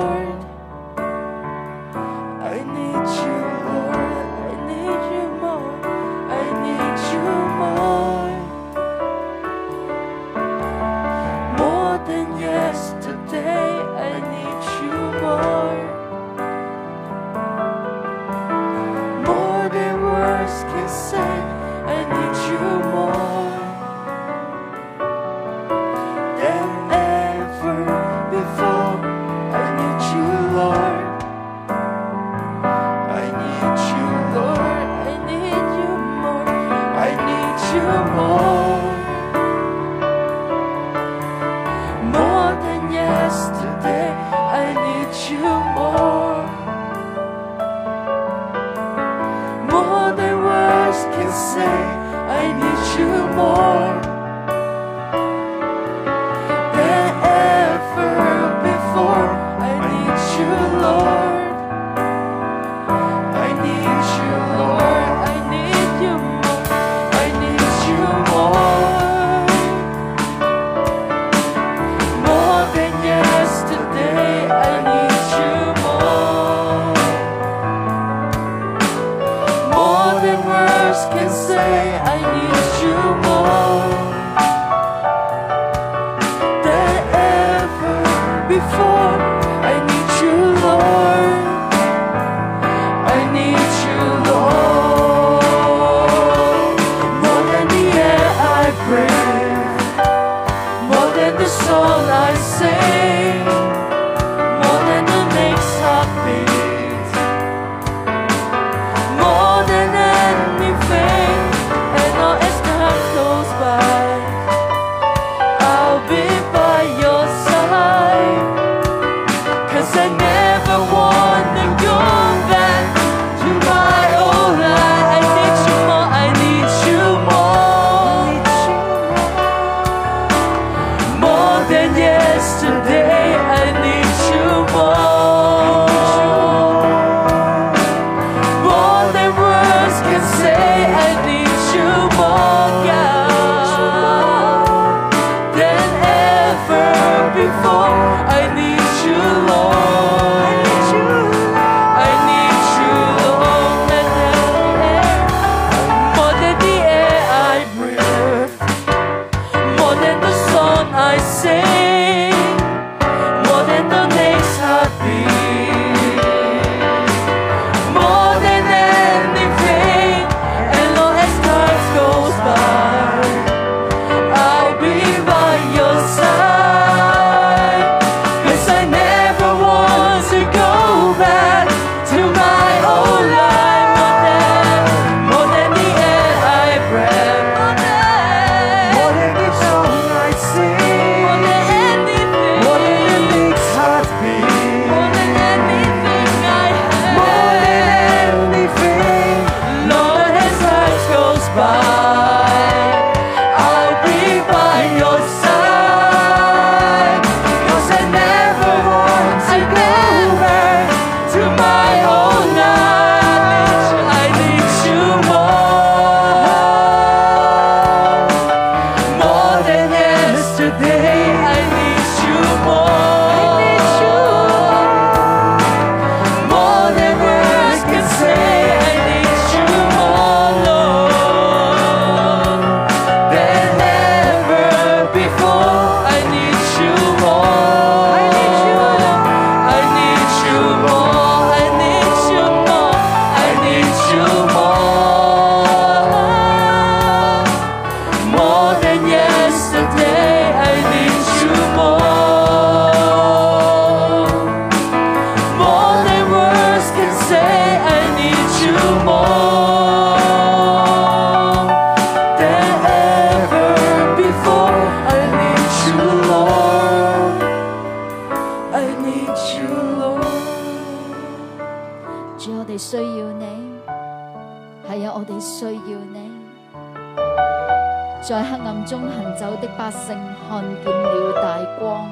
百姓看見了大光，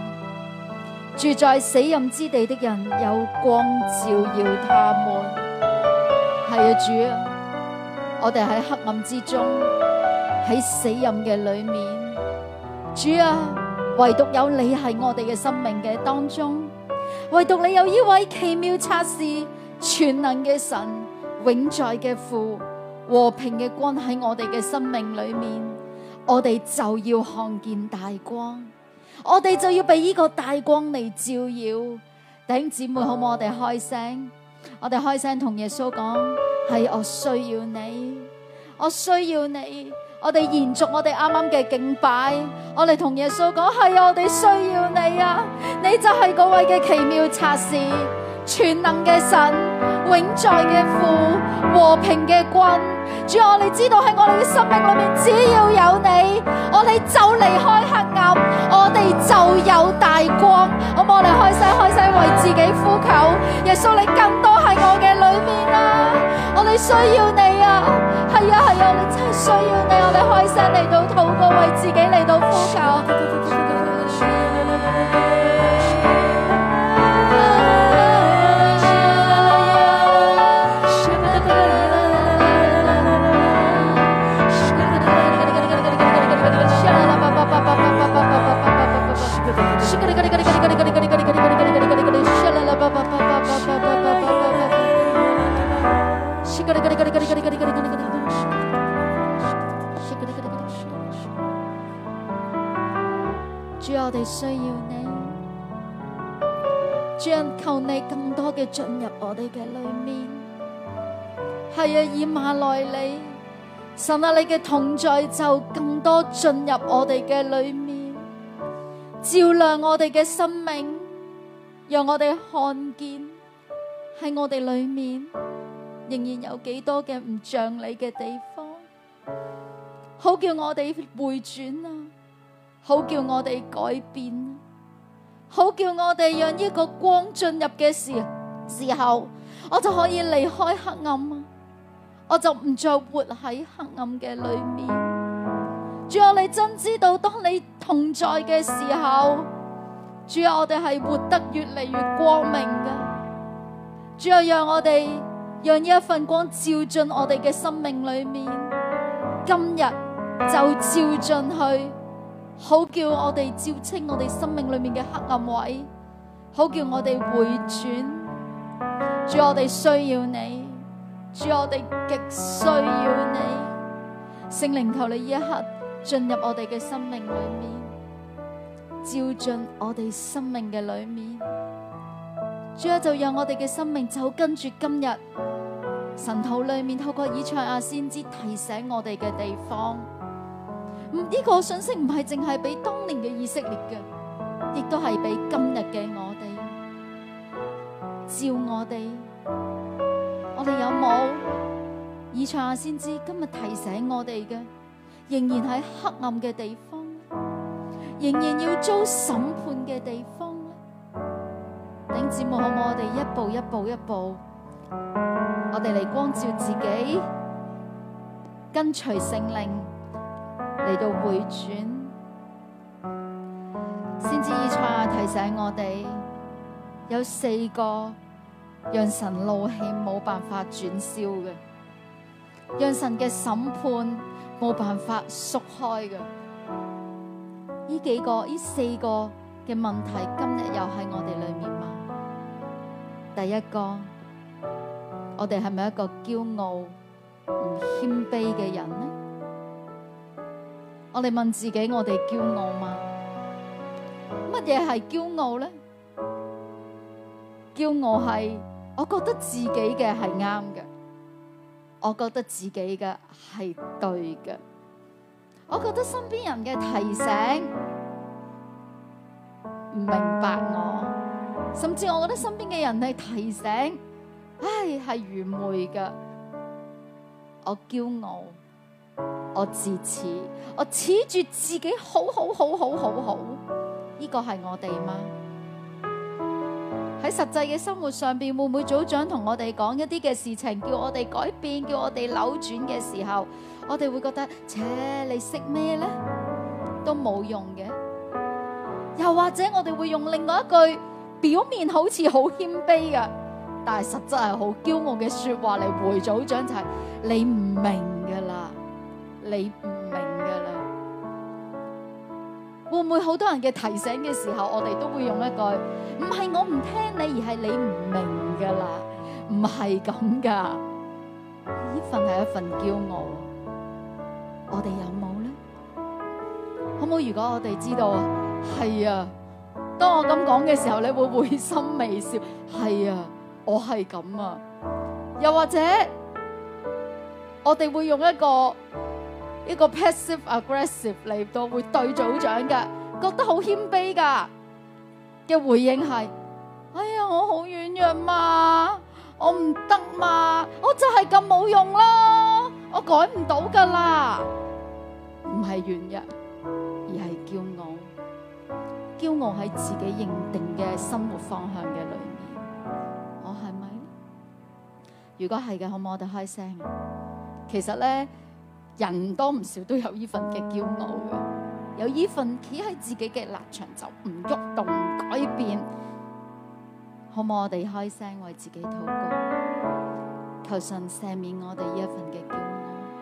住在死蔭之地的人有光照耀他們。係啊，主啊，我哋喺黑暗之中，喺死蔭嘅裏面，主啊，唯獨有你係我哋嘅生命嘅當中，唯獨你有呢位奇妙策士、全能嘅神、永在嘅父、和平嘅光喺我哋嘅生命裏面。我哋就要看見大光，我哋就要被呢個大光嚟照耀。弟兄姊妹，好唔好？我哋開聲？我哋開聲同耶穌講：係我需要你，我需要你。我哋延續我哋啱啱嘅敬拜，我哋同耶穌講：係我哋需要你啊！你就係嗰位嘅奇妙策士。全能嘅神，永在嘅父，和平嘅君，主啊！我哋知道喺我哋嘅生命裏面，只要有你，我哋就離開黑暗，我哋就有大光。好，我望你開聲，開聲為自己呼求，耶穌，你更多喺我嘅裏面啦！啊！我哋需要你啊！係啊，係啊，你、啊、真係需要你！我哋開聲嚟到禱告，為自己嚟到呼求。主我哋需要你，主求你更多嘅進入我哋嘅裏面。係啊，以馬內利，神啊，你嘅同在就更多進入我哋嘅裏面，照亮我哋嘅生命，讓我哋看見喺我哋裏面仍然有幾多嘅唔像你嘅地方，好叫我哋回轉啊！好叫我哋改變，好叫我哋讓呢個光進入嘅時時候，我就可以離開黑暗啊！我就唔再活喺黑暗嘅裏面。主啊，你真知道當你同在嘅時候，主啊，我哋係活得越嚟越光明嘅。主啊，讓我哋讓呢一份光照進我哋嘅生命裏面，今日就照進去。好叫我哋照清我哋生命裏面嘅黑暗位，好叫我哋回轉。主，我哋需要你，主，我哋極需要你。聖靈求你一刻進入我哋嘅生命裏面，照進我哋生命嘅裏面。主啊，就讓我哋嘅生命就跟住今日神徒裏面透過以賽亞先知提醒我哋嘅地方。唔，呢個信息唔係淨係俾當年嘅以色列嘅，亦都係俾今日嘅我哋照我哋，我哋有冇？以賽亞先知今日提醒我哋嘅，仍然喺黑暗嘅地方，仍然要遭審判嘅地方咧。等節目可唔可以我哋一步一步一步，我哋嚟光照自己，跟隨聖靈。嚟到回轉，先知以賽亞提醒我哋有四個讓神怒氣冇辦法轉消嘅，讓神嘅審判冇辦法縮開嘅。呢幾個呢四個嘅問題，今日又喺我哋裏面嘛。第一個，我哋係咪一個驕傲唔謙卑嘅人呢？我哋問自己：我哋驕傲嗎？乜嘢係驕傲咧？驕傲係我覺得自己嘅係啱嘅，我覺得自己嘅係對嘅，我覺得身邊人嘅提醒唔明白我，甚至我覺得身邊嘅人係提醒，唉，係愚昧嘅，我驕傲。我自恃，我恃住自己，好好好好好好，呢個係我哋嗎？喺實際嘅生活上邊，會唔會組長同我哋講一啲嘅事情，叫我哋改變，叫我哋扭轉嘅時候，我哋會覺得：切，你識咩呢？都冇用嘅。又或者我哋會用另外一句表面好似好謙卑嘅，但係實質係好驕傲嘅說話嚟回組長就，就係你唔明㗎啦。你唔明噶啦，會唔會好多人嘅提醒嘅時候，我哋都會用一句：唔係我唔聽你，而係你唔明噶啦，唔係咁噶。呢份係一份驕傲，我哋有冇咧？可唔可以？如果我哋知道，係啊，當我咁講嘅時候，你會會心微笑，係啊，我係咁啊。又或者，我哋會用一個。一個 passive aggressive 嚟到會對組長嘅，覺得好謙卑噶嘅回應係：哎呀，我好軟弱嘛，我唔得嘛，我就係咁冇用啦，我改唔到噶啦。唔係軟弱，而係驕傲，驕傲喺自己認定嘅生活方向嘅裏面，我係咪？如果係嘅，可唔可以我哋開聲？其實咧。人多唔少都有呢份嘅驕傲嘅，有依份企喺自己嘅立場就唔喐動、唔改變，好唔好？我哋開聲為自己禱告，求神赦免我哋呢一份嘅驕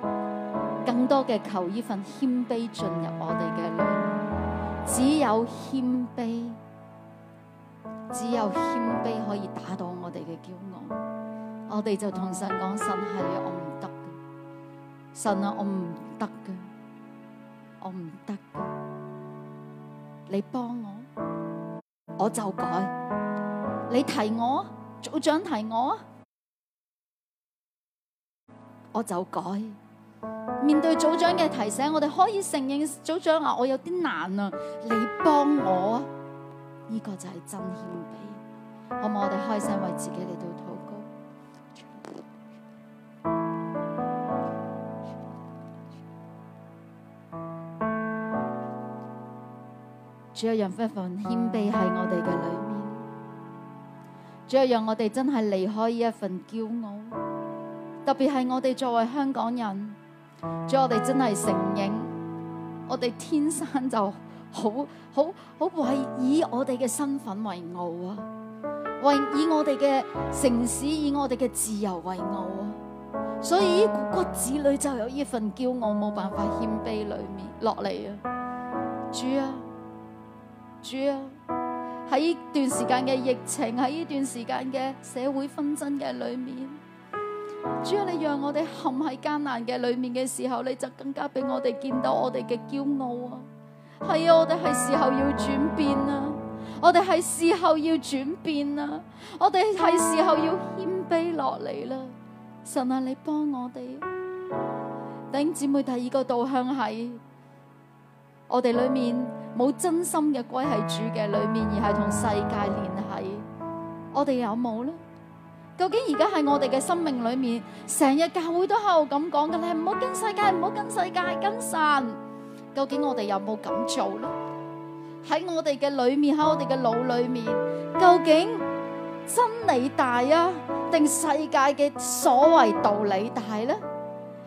傲，更多嘅求依份謙卑進入我哋嘅裏，只有謙卑，只有謙卑可以打倒我哋嘅驕傲。我哋就同神講，神係我。神啊！我唔得嘅，我唔得嘅。你幫我，我就改。你提我，組長提我，我就改。面對組長嘅提醒，我哋可以承認組長話、啊、我有啲難啊。你幫我，呢、這個就係真謙卑。好唔好？我哋開心為自己嚟到禱。主啊，讓一份謙卑喺我哋嘅裏面。主要讓我哋真係離開呢一份驕傲，特別係我哋作為香港人。主要我哋真係承認，我哋天生就好好好為以我哋嘅身份為傲啊，為以我哋嘅城市以我哋嘅自由為傲啊。所以骨子裏就有呢份驕傲，冇辦法謙卑裏面落嚟啊。主啊！主啊，喺呢段時間嘅疫情，喺呢段時間嘅社會紛爭嘅裏面，主啊，你讓我哋陷喺艱難嘅裏面嘅時候，你就更加俾我哋見到我哋嘅驕傲啊！係啊，我哋係時候要轉變啊，我哋係時候要轉變啊，我哋係時候要謙卑落嚟啦！神啊，你幫我哋，弟兄姊妹第二個導向喺我哋裏面。冇真心嘅歸係主嘅裏面，而係同世界聯繫。我哋有冇咧？究竟而家喺我哋嘅生命裏面，成日教會都喺度咁講嘅咧，唔好跟世界，唔好跟世界，跟神。究竟我哋有冇咁做咧？喺我哋嘅裏面，喺我哋嘅腦裏面，究竟真理大啊，定世界嘅所謂道理大咧？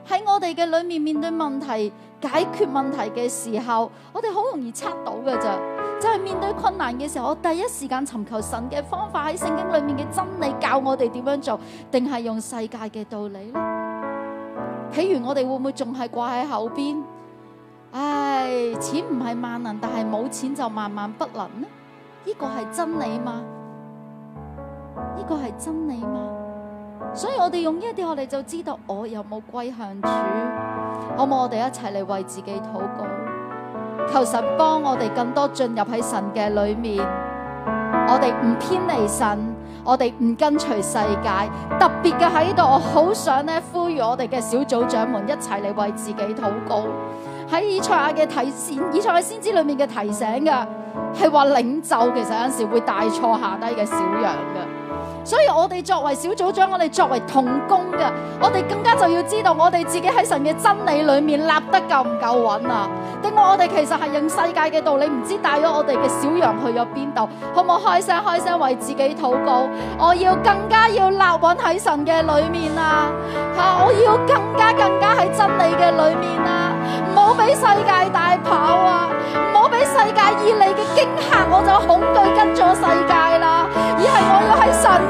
喺我哋嘅裏面面對問題解決問題嘅時候，我哋好容易測到嘅咋，就係面對困難嘅時候，我第一時間尋求神嘅方法，喺聖經裏面嘅真理教我哋點樣做，定係用世界嘅道理呢？譬如我哋會唔會仲係掛喺口邊？唉，錢唔係萬能，但係冇錢就萬萬不能呢？呢個係真理嗎？呢個係真理嗎？所以我哋用呢一啲，我哋就知道我有冇歸向主。好冇，我哋一齊嚟，為自己禱告，求神幫我哋更多進入喺神嘅裏面，我哋唔偏離神，我哋唔跟隨世界。特別嘅喺度，我好想咧呼籲我哋嘅小組長們一齊嚟為自己禱告。喺以賽亞嘅提先，以賽亞先知裏面嘅提醒嘅係話，領袖其實有陣時會帶錯下低嘅小羊嘅。所以我哋作為小組長，我哋作為同工嘅，我哋更加就要知道我哋自己喺神嘅真理裏面立得夠唔夠穩啊？定我我哋其實係用世界嘅道理，唔知帶咗我哋嘅小羊去咗邊度？可唔可開聲開聲為自己禱告？我要更加要立穩喺神嘅裏面啊！吓、啊，我要更加更加喺真理嘅裏面啊！唔好俾世界大跑啊！唔好俾世界以你嘅驚嚇，我就恐懼跟咗世界啦。而係我要喺神。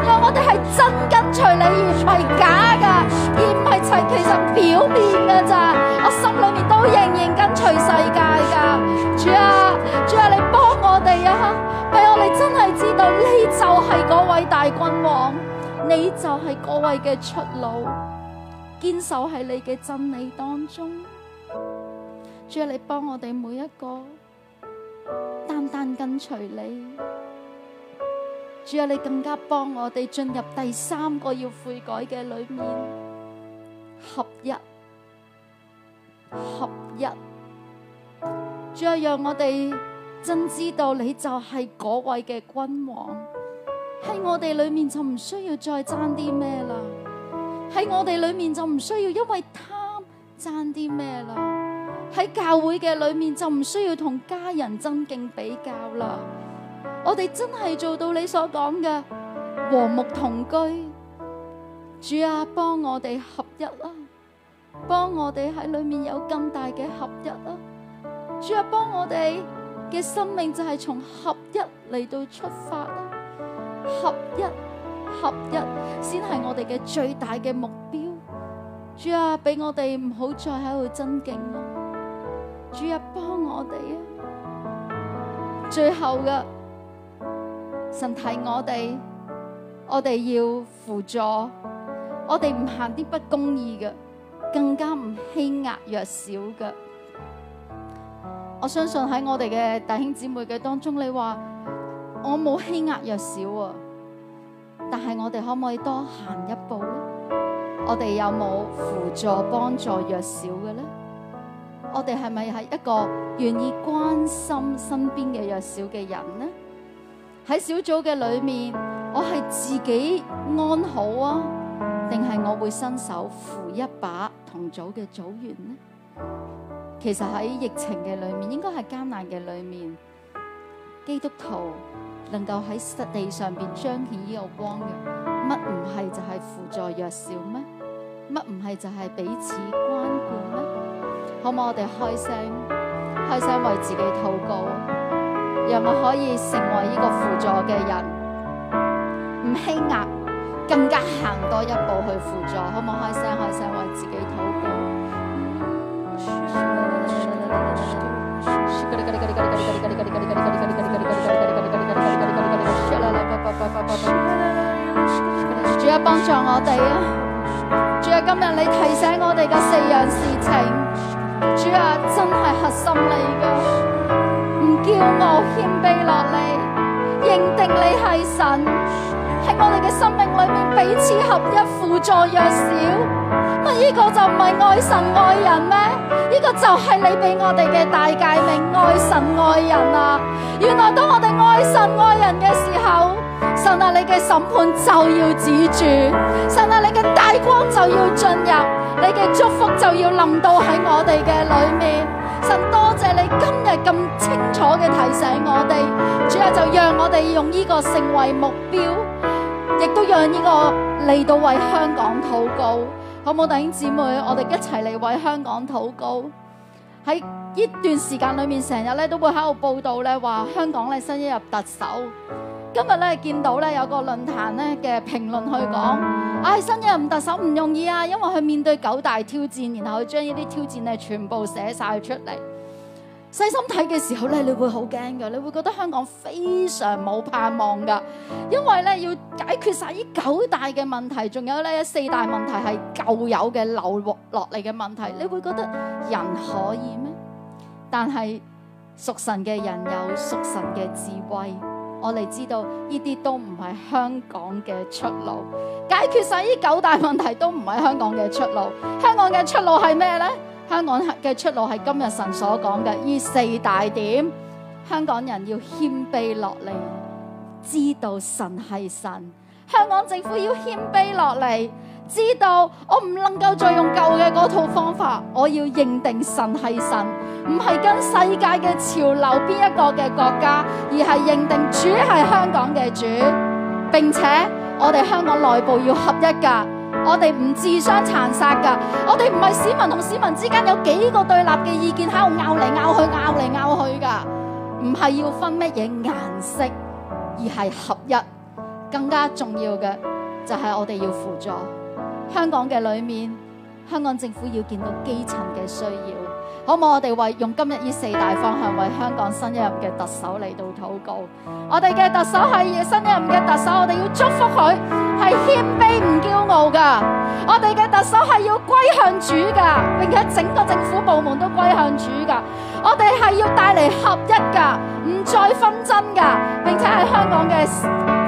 我哋係真跟隨你，而唔係假噶，而唔係齊其實表面噶咋。我心裏面都仍然跟隨世界噶。主啊，主啊，你幫我哋啊，俾我哋真係知道，你就係嗰位大君王，你就係嗰位嘅出路。堅守喺你嘅真理當中。主啊，你幫我哋每一個單單跟隨你。主啊，你更加幫我哋進入第三個要悔改嘅裏面，合一合一。主啊，讓我哋真知道你就係嗰位嘅君王，喺我哋裏面就唔需要再爭啲咩啦，喺我哋裏面就唔需要因為貪爭啲咩啦，喺教會嘅裏面就唔需要同家人爭競比較啦。我哋真係做到你所講嘅和睦同居，主啊，幫我哋合一啦，啊，幫我哋喺裏面有更大嘅合一啦，啊，主啊，幫我哋嘅生命就係從合一嚟到出發啦，啊，合一合一先係我哋嘅最大嘅目標，主啊，俾我哋唔好再喺度爭競啦，主啊，幫我哋啊，最後嘅。神提我哋，我哋要扶助，我哋唔行啲不公義嘅，更加唔欺壓弱小嘅。我相信喺我哋嘅弟兄姊妹嘅當中，你話我冇欺壓弱小啊，但係我哋可唔可以多行一步咧？我哋有冇扶助幫助弱小嘅咧？我哋係咪係一個願意關心身邊嘅弱小嘅人呢？喺小組嘅裏面，我係自己安好啊，定係我會伸手扶一把同組嘅組員呢？其實喺疫情嘅裏面，應該係艱難嘅裏面，基督徒能夠喺實地上邊彰顯呢個光嘅，乜唔係就係輔助弱小咩？乜唔係就係彼此關顧咩？可唔可以我哋開聲，開聲為自己禱告？有冇可以成為呢個輔助嘅人，唔欺壓，更加行多一步去輔助，好唔好？開聲，開聲，我自己禱告、嗯。主要幫助我哋啊！仲有今日你提醒我哋嘅四樣事情，主啊，真係核心嚟噶。驕傲謙卑落嚟，認定你係神，喺我哋嘅生命裏面彼此合一，輔助弱小。乜呢個就唔係愛神愛人咩？呢、呢個就係你俾我哋嘅大誡命愛神愛人啊！原來當我哋愛神愛人嘅時候，神啊你嘅審判就要止住，神啊你嘅大光就要進入，你嘅祝福就要臨到喺我哋嘅裏面，神。你今日咁清楚嘅提醒我哋，主要就讓我哋用呢個成為目標，亦都讓呢個嚟到為香港禱告，好唔好，弟兄姊妹？我哋一齊嚟為香港禱告。喺呢段時間裏面，成日咧都會喺度報道咧，話香港咧新一任特首。今日咧見到咧有個論壇咧嘅評論去講，唉，新一任特首唔容易啊，因為佢面對九大挑戰，然後佢將呢啲挑戰咧全部寫晒出嚟。細心睇嘅時候咧，你會好驚噶，你會覺得香港非常冇盼望噶，因為咧要解決晒呢九大嘅問題，仲有咧四大問題係舊有嘅留落嚟嘅問題，你會覺得人可以咩？但係屬神嘅人有屬神嘅智慧，我哋知道呢啲都唔係香港嘅出路，解決晒呢九大問題都唔係香港嘅出路，香港嘅出路係咩咧？香港嘅出路係今日神所講嘅，依四大點。香港人要謙卑落嚟，知道神係神；香港政府要謙卑落嚟，知道我唔能夠再用舊嘅嗰套方法，我要認定神係神，唔係跟世界嘅潮流邊一個嘅國家，而係認定主係香港嘅主。並且我哋香港內部要合一噶。我哋唔自相殘殺㗎，我哋唔係市民同市民之間有幾個對立嘅意見喺度拗嚟拗去、拗嚟拗去㗎，唔係要分乜嘢顏色，而係合一。更加重要嘅就係我哋要輔助香港嘅裏面，香港政府要見到基層嘅需要。可我哋為用今日呢四大方向為香港新一任嘅特首嚟到禱告。我哋嘅特首係新一任嘅特首，我哋要祝福佢，係謙卑唔驕傲噶。我哋嘅特首係要歸向主噶，並且整個政府部門都歸向主噶。我哋係要帶嚟合一噶，唔再紛爭噶，並且係香港嘅。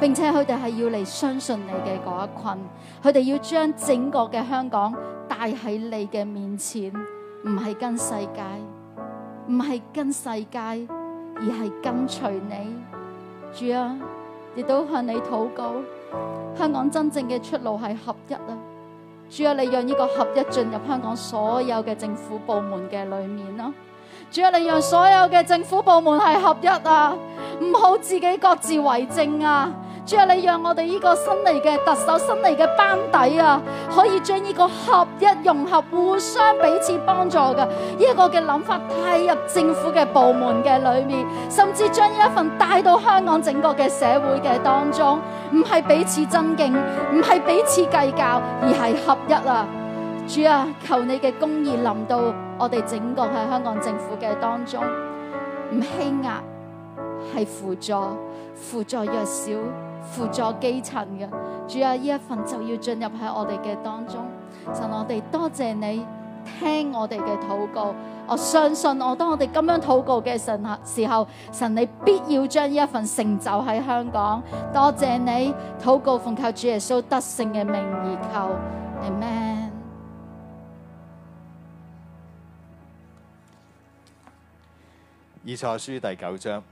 並且佢哋係要嚟相信你嘅嗰一群，佢哋要將整個嘅香港帶喺你嘅面前，唔係跟世界，唔係跟世界，而係跟隨你，主啊，亦都向你禱告，香港真正嘅出路係合一啊！主啊，你讓呢個合一進入香港所有嘅政府部門嘅裏面囉。主要你讓所有嘅政府部門係合一啊，唔好自己各自為政啊！主要你讓我哋呢個新嚟嘅特首，新嚟嘅班底啊，可以將呢個合一融合，互相彼此幫助嘅呢個嘅諗法帶入政府嘅部門嘅裏面，甚至將呢一份帶到香港整個嘅社會嘅當中，唔係彼此尊敬，唔係彼此計較，而係合一啊！主啊，求你嘅公義臨到我哋整個喺香港政府嘅當中，唔欺壓，係輔助輔助弱小、輔助基層嘅。主啊，呢一份就要進入喺我哋嘅當中。神，我哋多謝你聽我哋嘅禱告。我相信我，當我哋咁樣禱告嘅神時候，神你必要將呢一份成就喺香港。多謝你禱告，奉靠主耶穌得勝嘅名義求，阿門。以賽亞書第九章，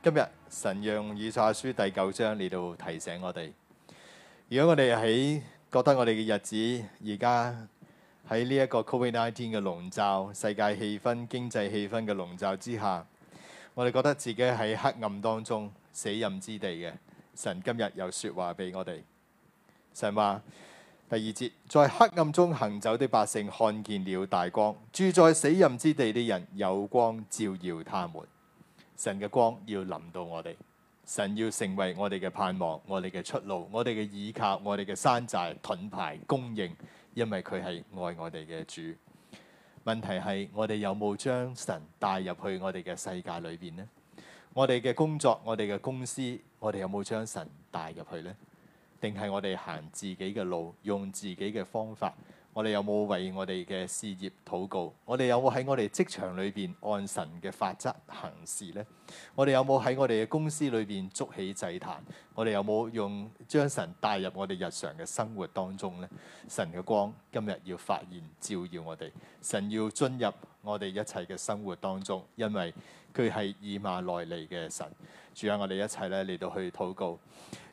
今日神用以賽亞書第九章嚟到提醒我哋。如果我哋喺覺得我哋嘅日子而家喺呢一個 Covid nineteen 嘅籠罩、世界氣氛、經濟氣氛嘅籠罩之下，我哋覺得自己喺黑暗當中、死蔭之地嘅，神今日有說話俾我哋。神話。第二節，在黑暗中行走的百姓看見了大光，住在死蔭之地的人有光照耀他們。神嘅光要臨到我哋，神要成為我哋嘅盼望，我哋嘅出路，我哋嘅倚靠，我哋嘅山寨、盾牌、供應，因為佢係愛我哋嘅主。問題係我哋有冇將神帶入去我哋嘅世界裏邊呢？我哋嘅工作，我哋嘅公司，我哋有冇將神帶入去呢？定係我哋行自己嘅路，用自己嘅方法。我哋有冇為我哋嘅事業禱告？我哋有冇喺我哋職場裏邊按神嘅法則行事呢？我哋有冇喺我哋嘅公司裏邊築起祭壇？我哋有冇用將神帶入我哋日常嘅生活當中呢？神嘅光今日要發現照耀我哋，神要進入我哋一切嘅生活當中，因為佢係以馬內利嘅神。主啊，我哋一齊咧嚟到去禱告。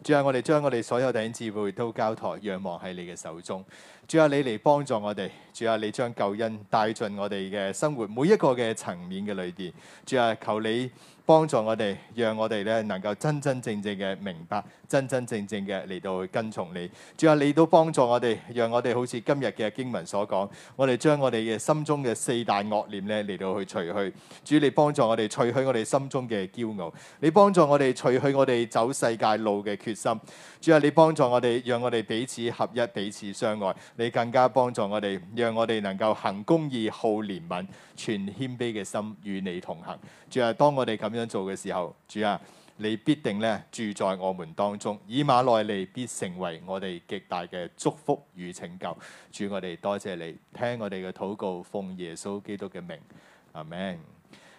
主啊，我哋將我哋所有頂智慧都交託，仰望喺你嘅手中。主啊，你嚟幫助我哋。主啊，你將救恩帶進我哋嘅生活，每一個嘅層面嘅裏邊。主啊，求你。幫助我哋，讓我哋咧能夠真真正正嘅明白，真真正正嘅嚟到去跟從你。主啊，你都幫助我哋，讓我哋好似今日嘅經文所講，我哋將我哋嘅心中嘅四大惡念咧嚟到去除去。主啊，你幫助我哋除去我哋心中嘅驕傲。你幫助我哋除去我哋走世界路嘅決心。主啊，你幫助我哋，讓我哋彼此合一，彼此相愛。你更加幫助我哋，讓我哋能夠行公義、好憐憫、存謙卑嘅心，與你同行。主啊，當我哋咁，做嘅時候，主啊，你必定咧住在我們當中，以馬內利必成為我哋極大嘅祝福與拯救。主我，我哋多謝你，聽我哋嘅禱告，奉耶穌基督嘅名，阿門。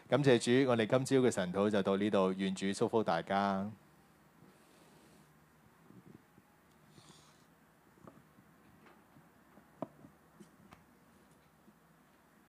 感謝主，我哋今朝嘅晨禱就到呢度，願主祝福大家。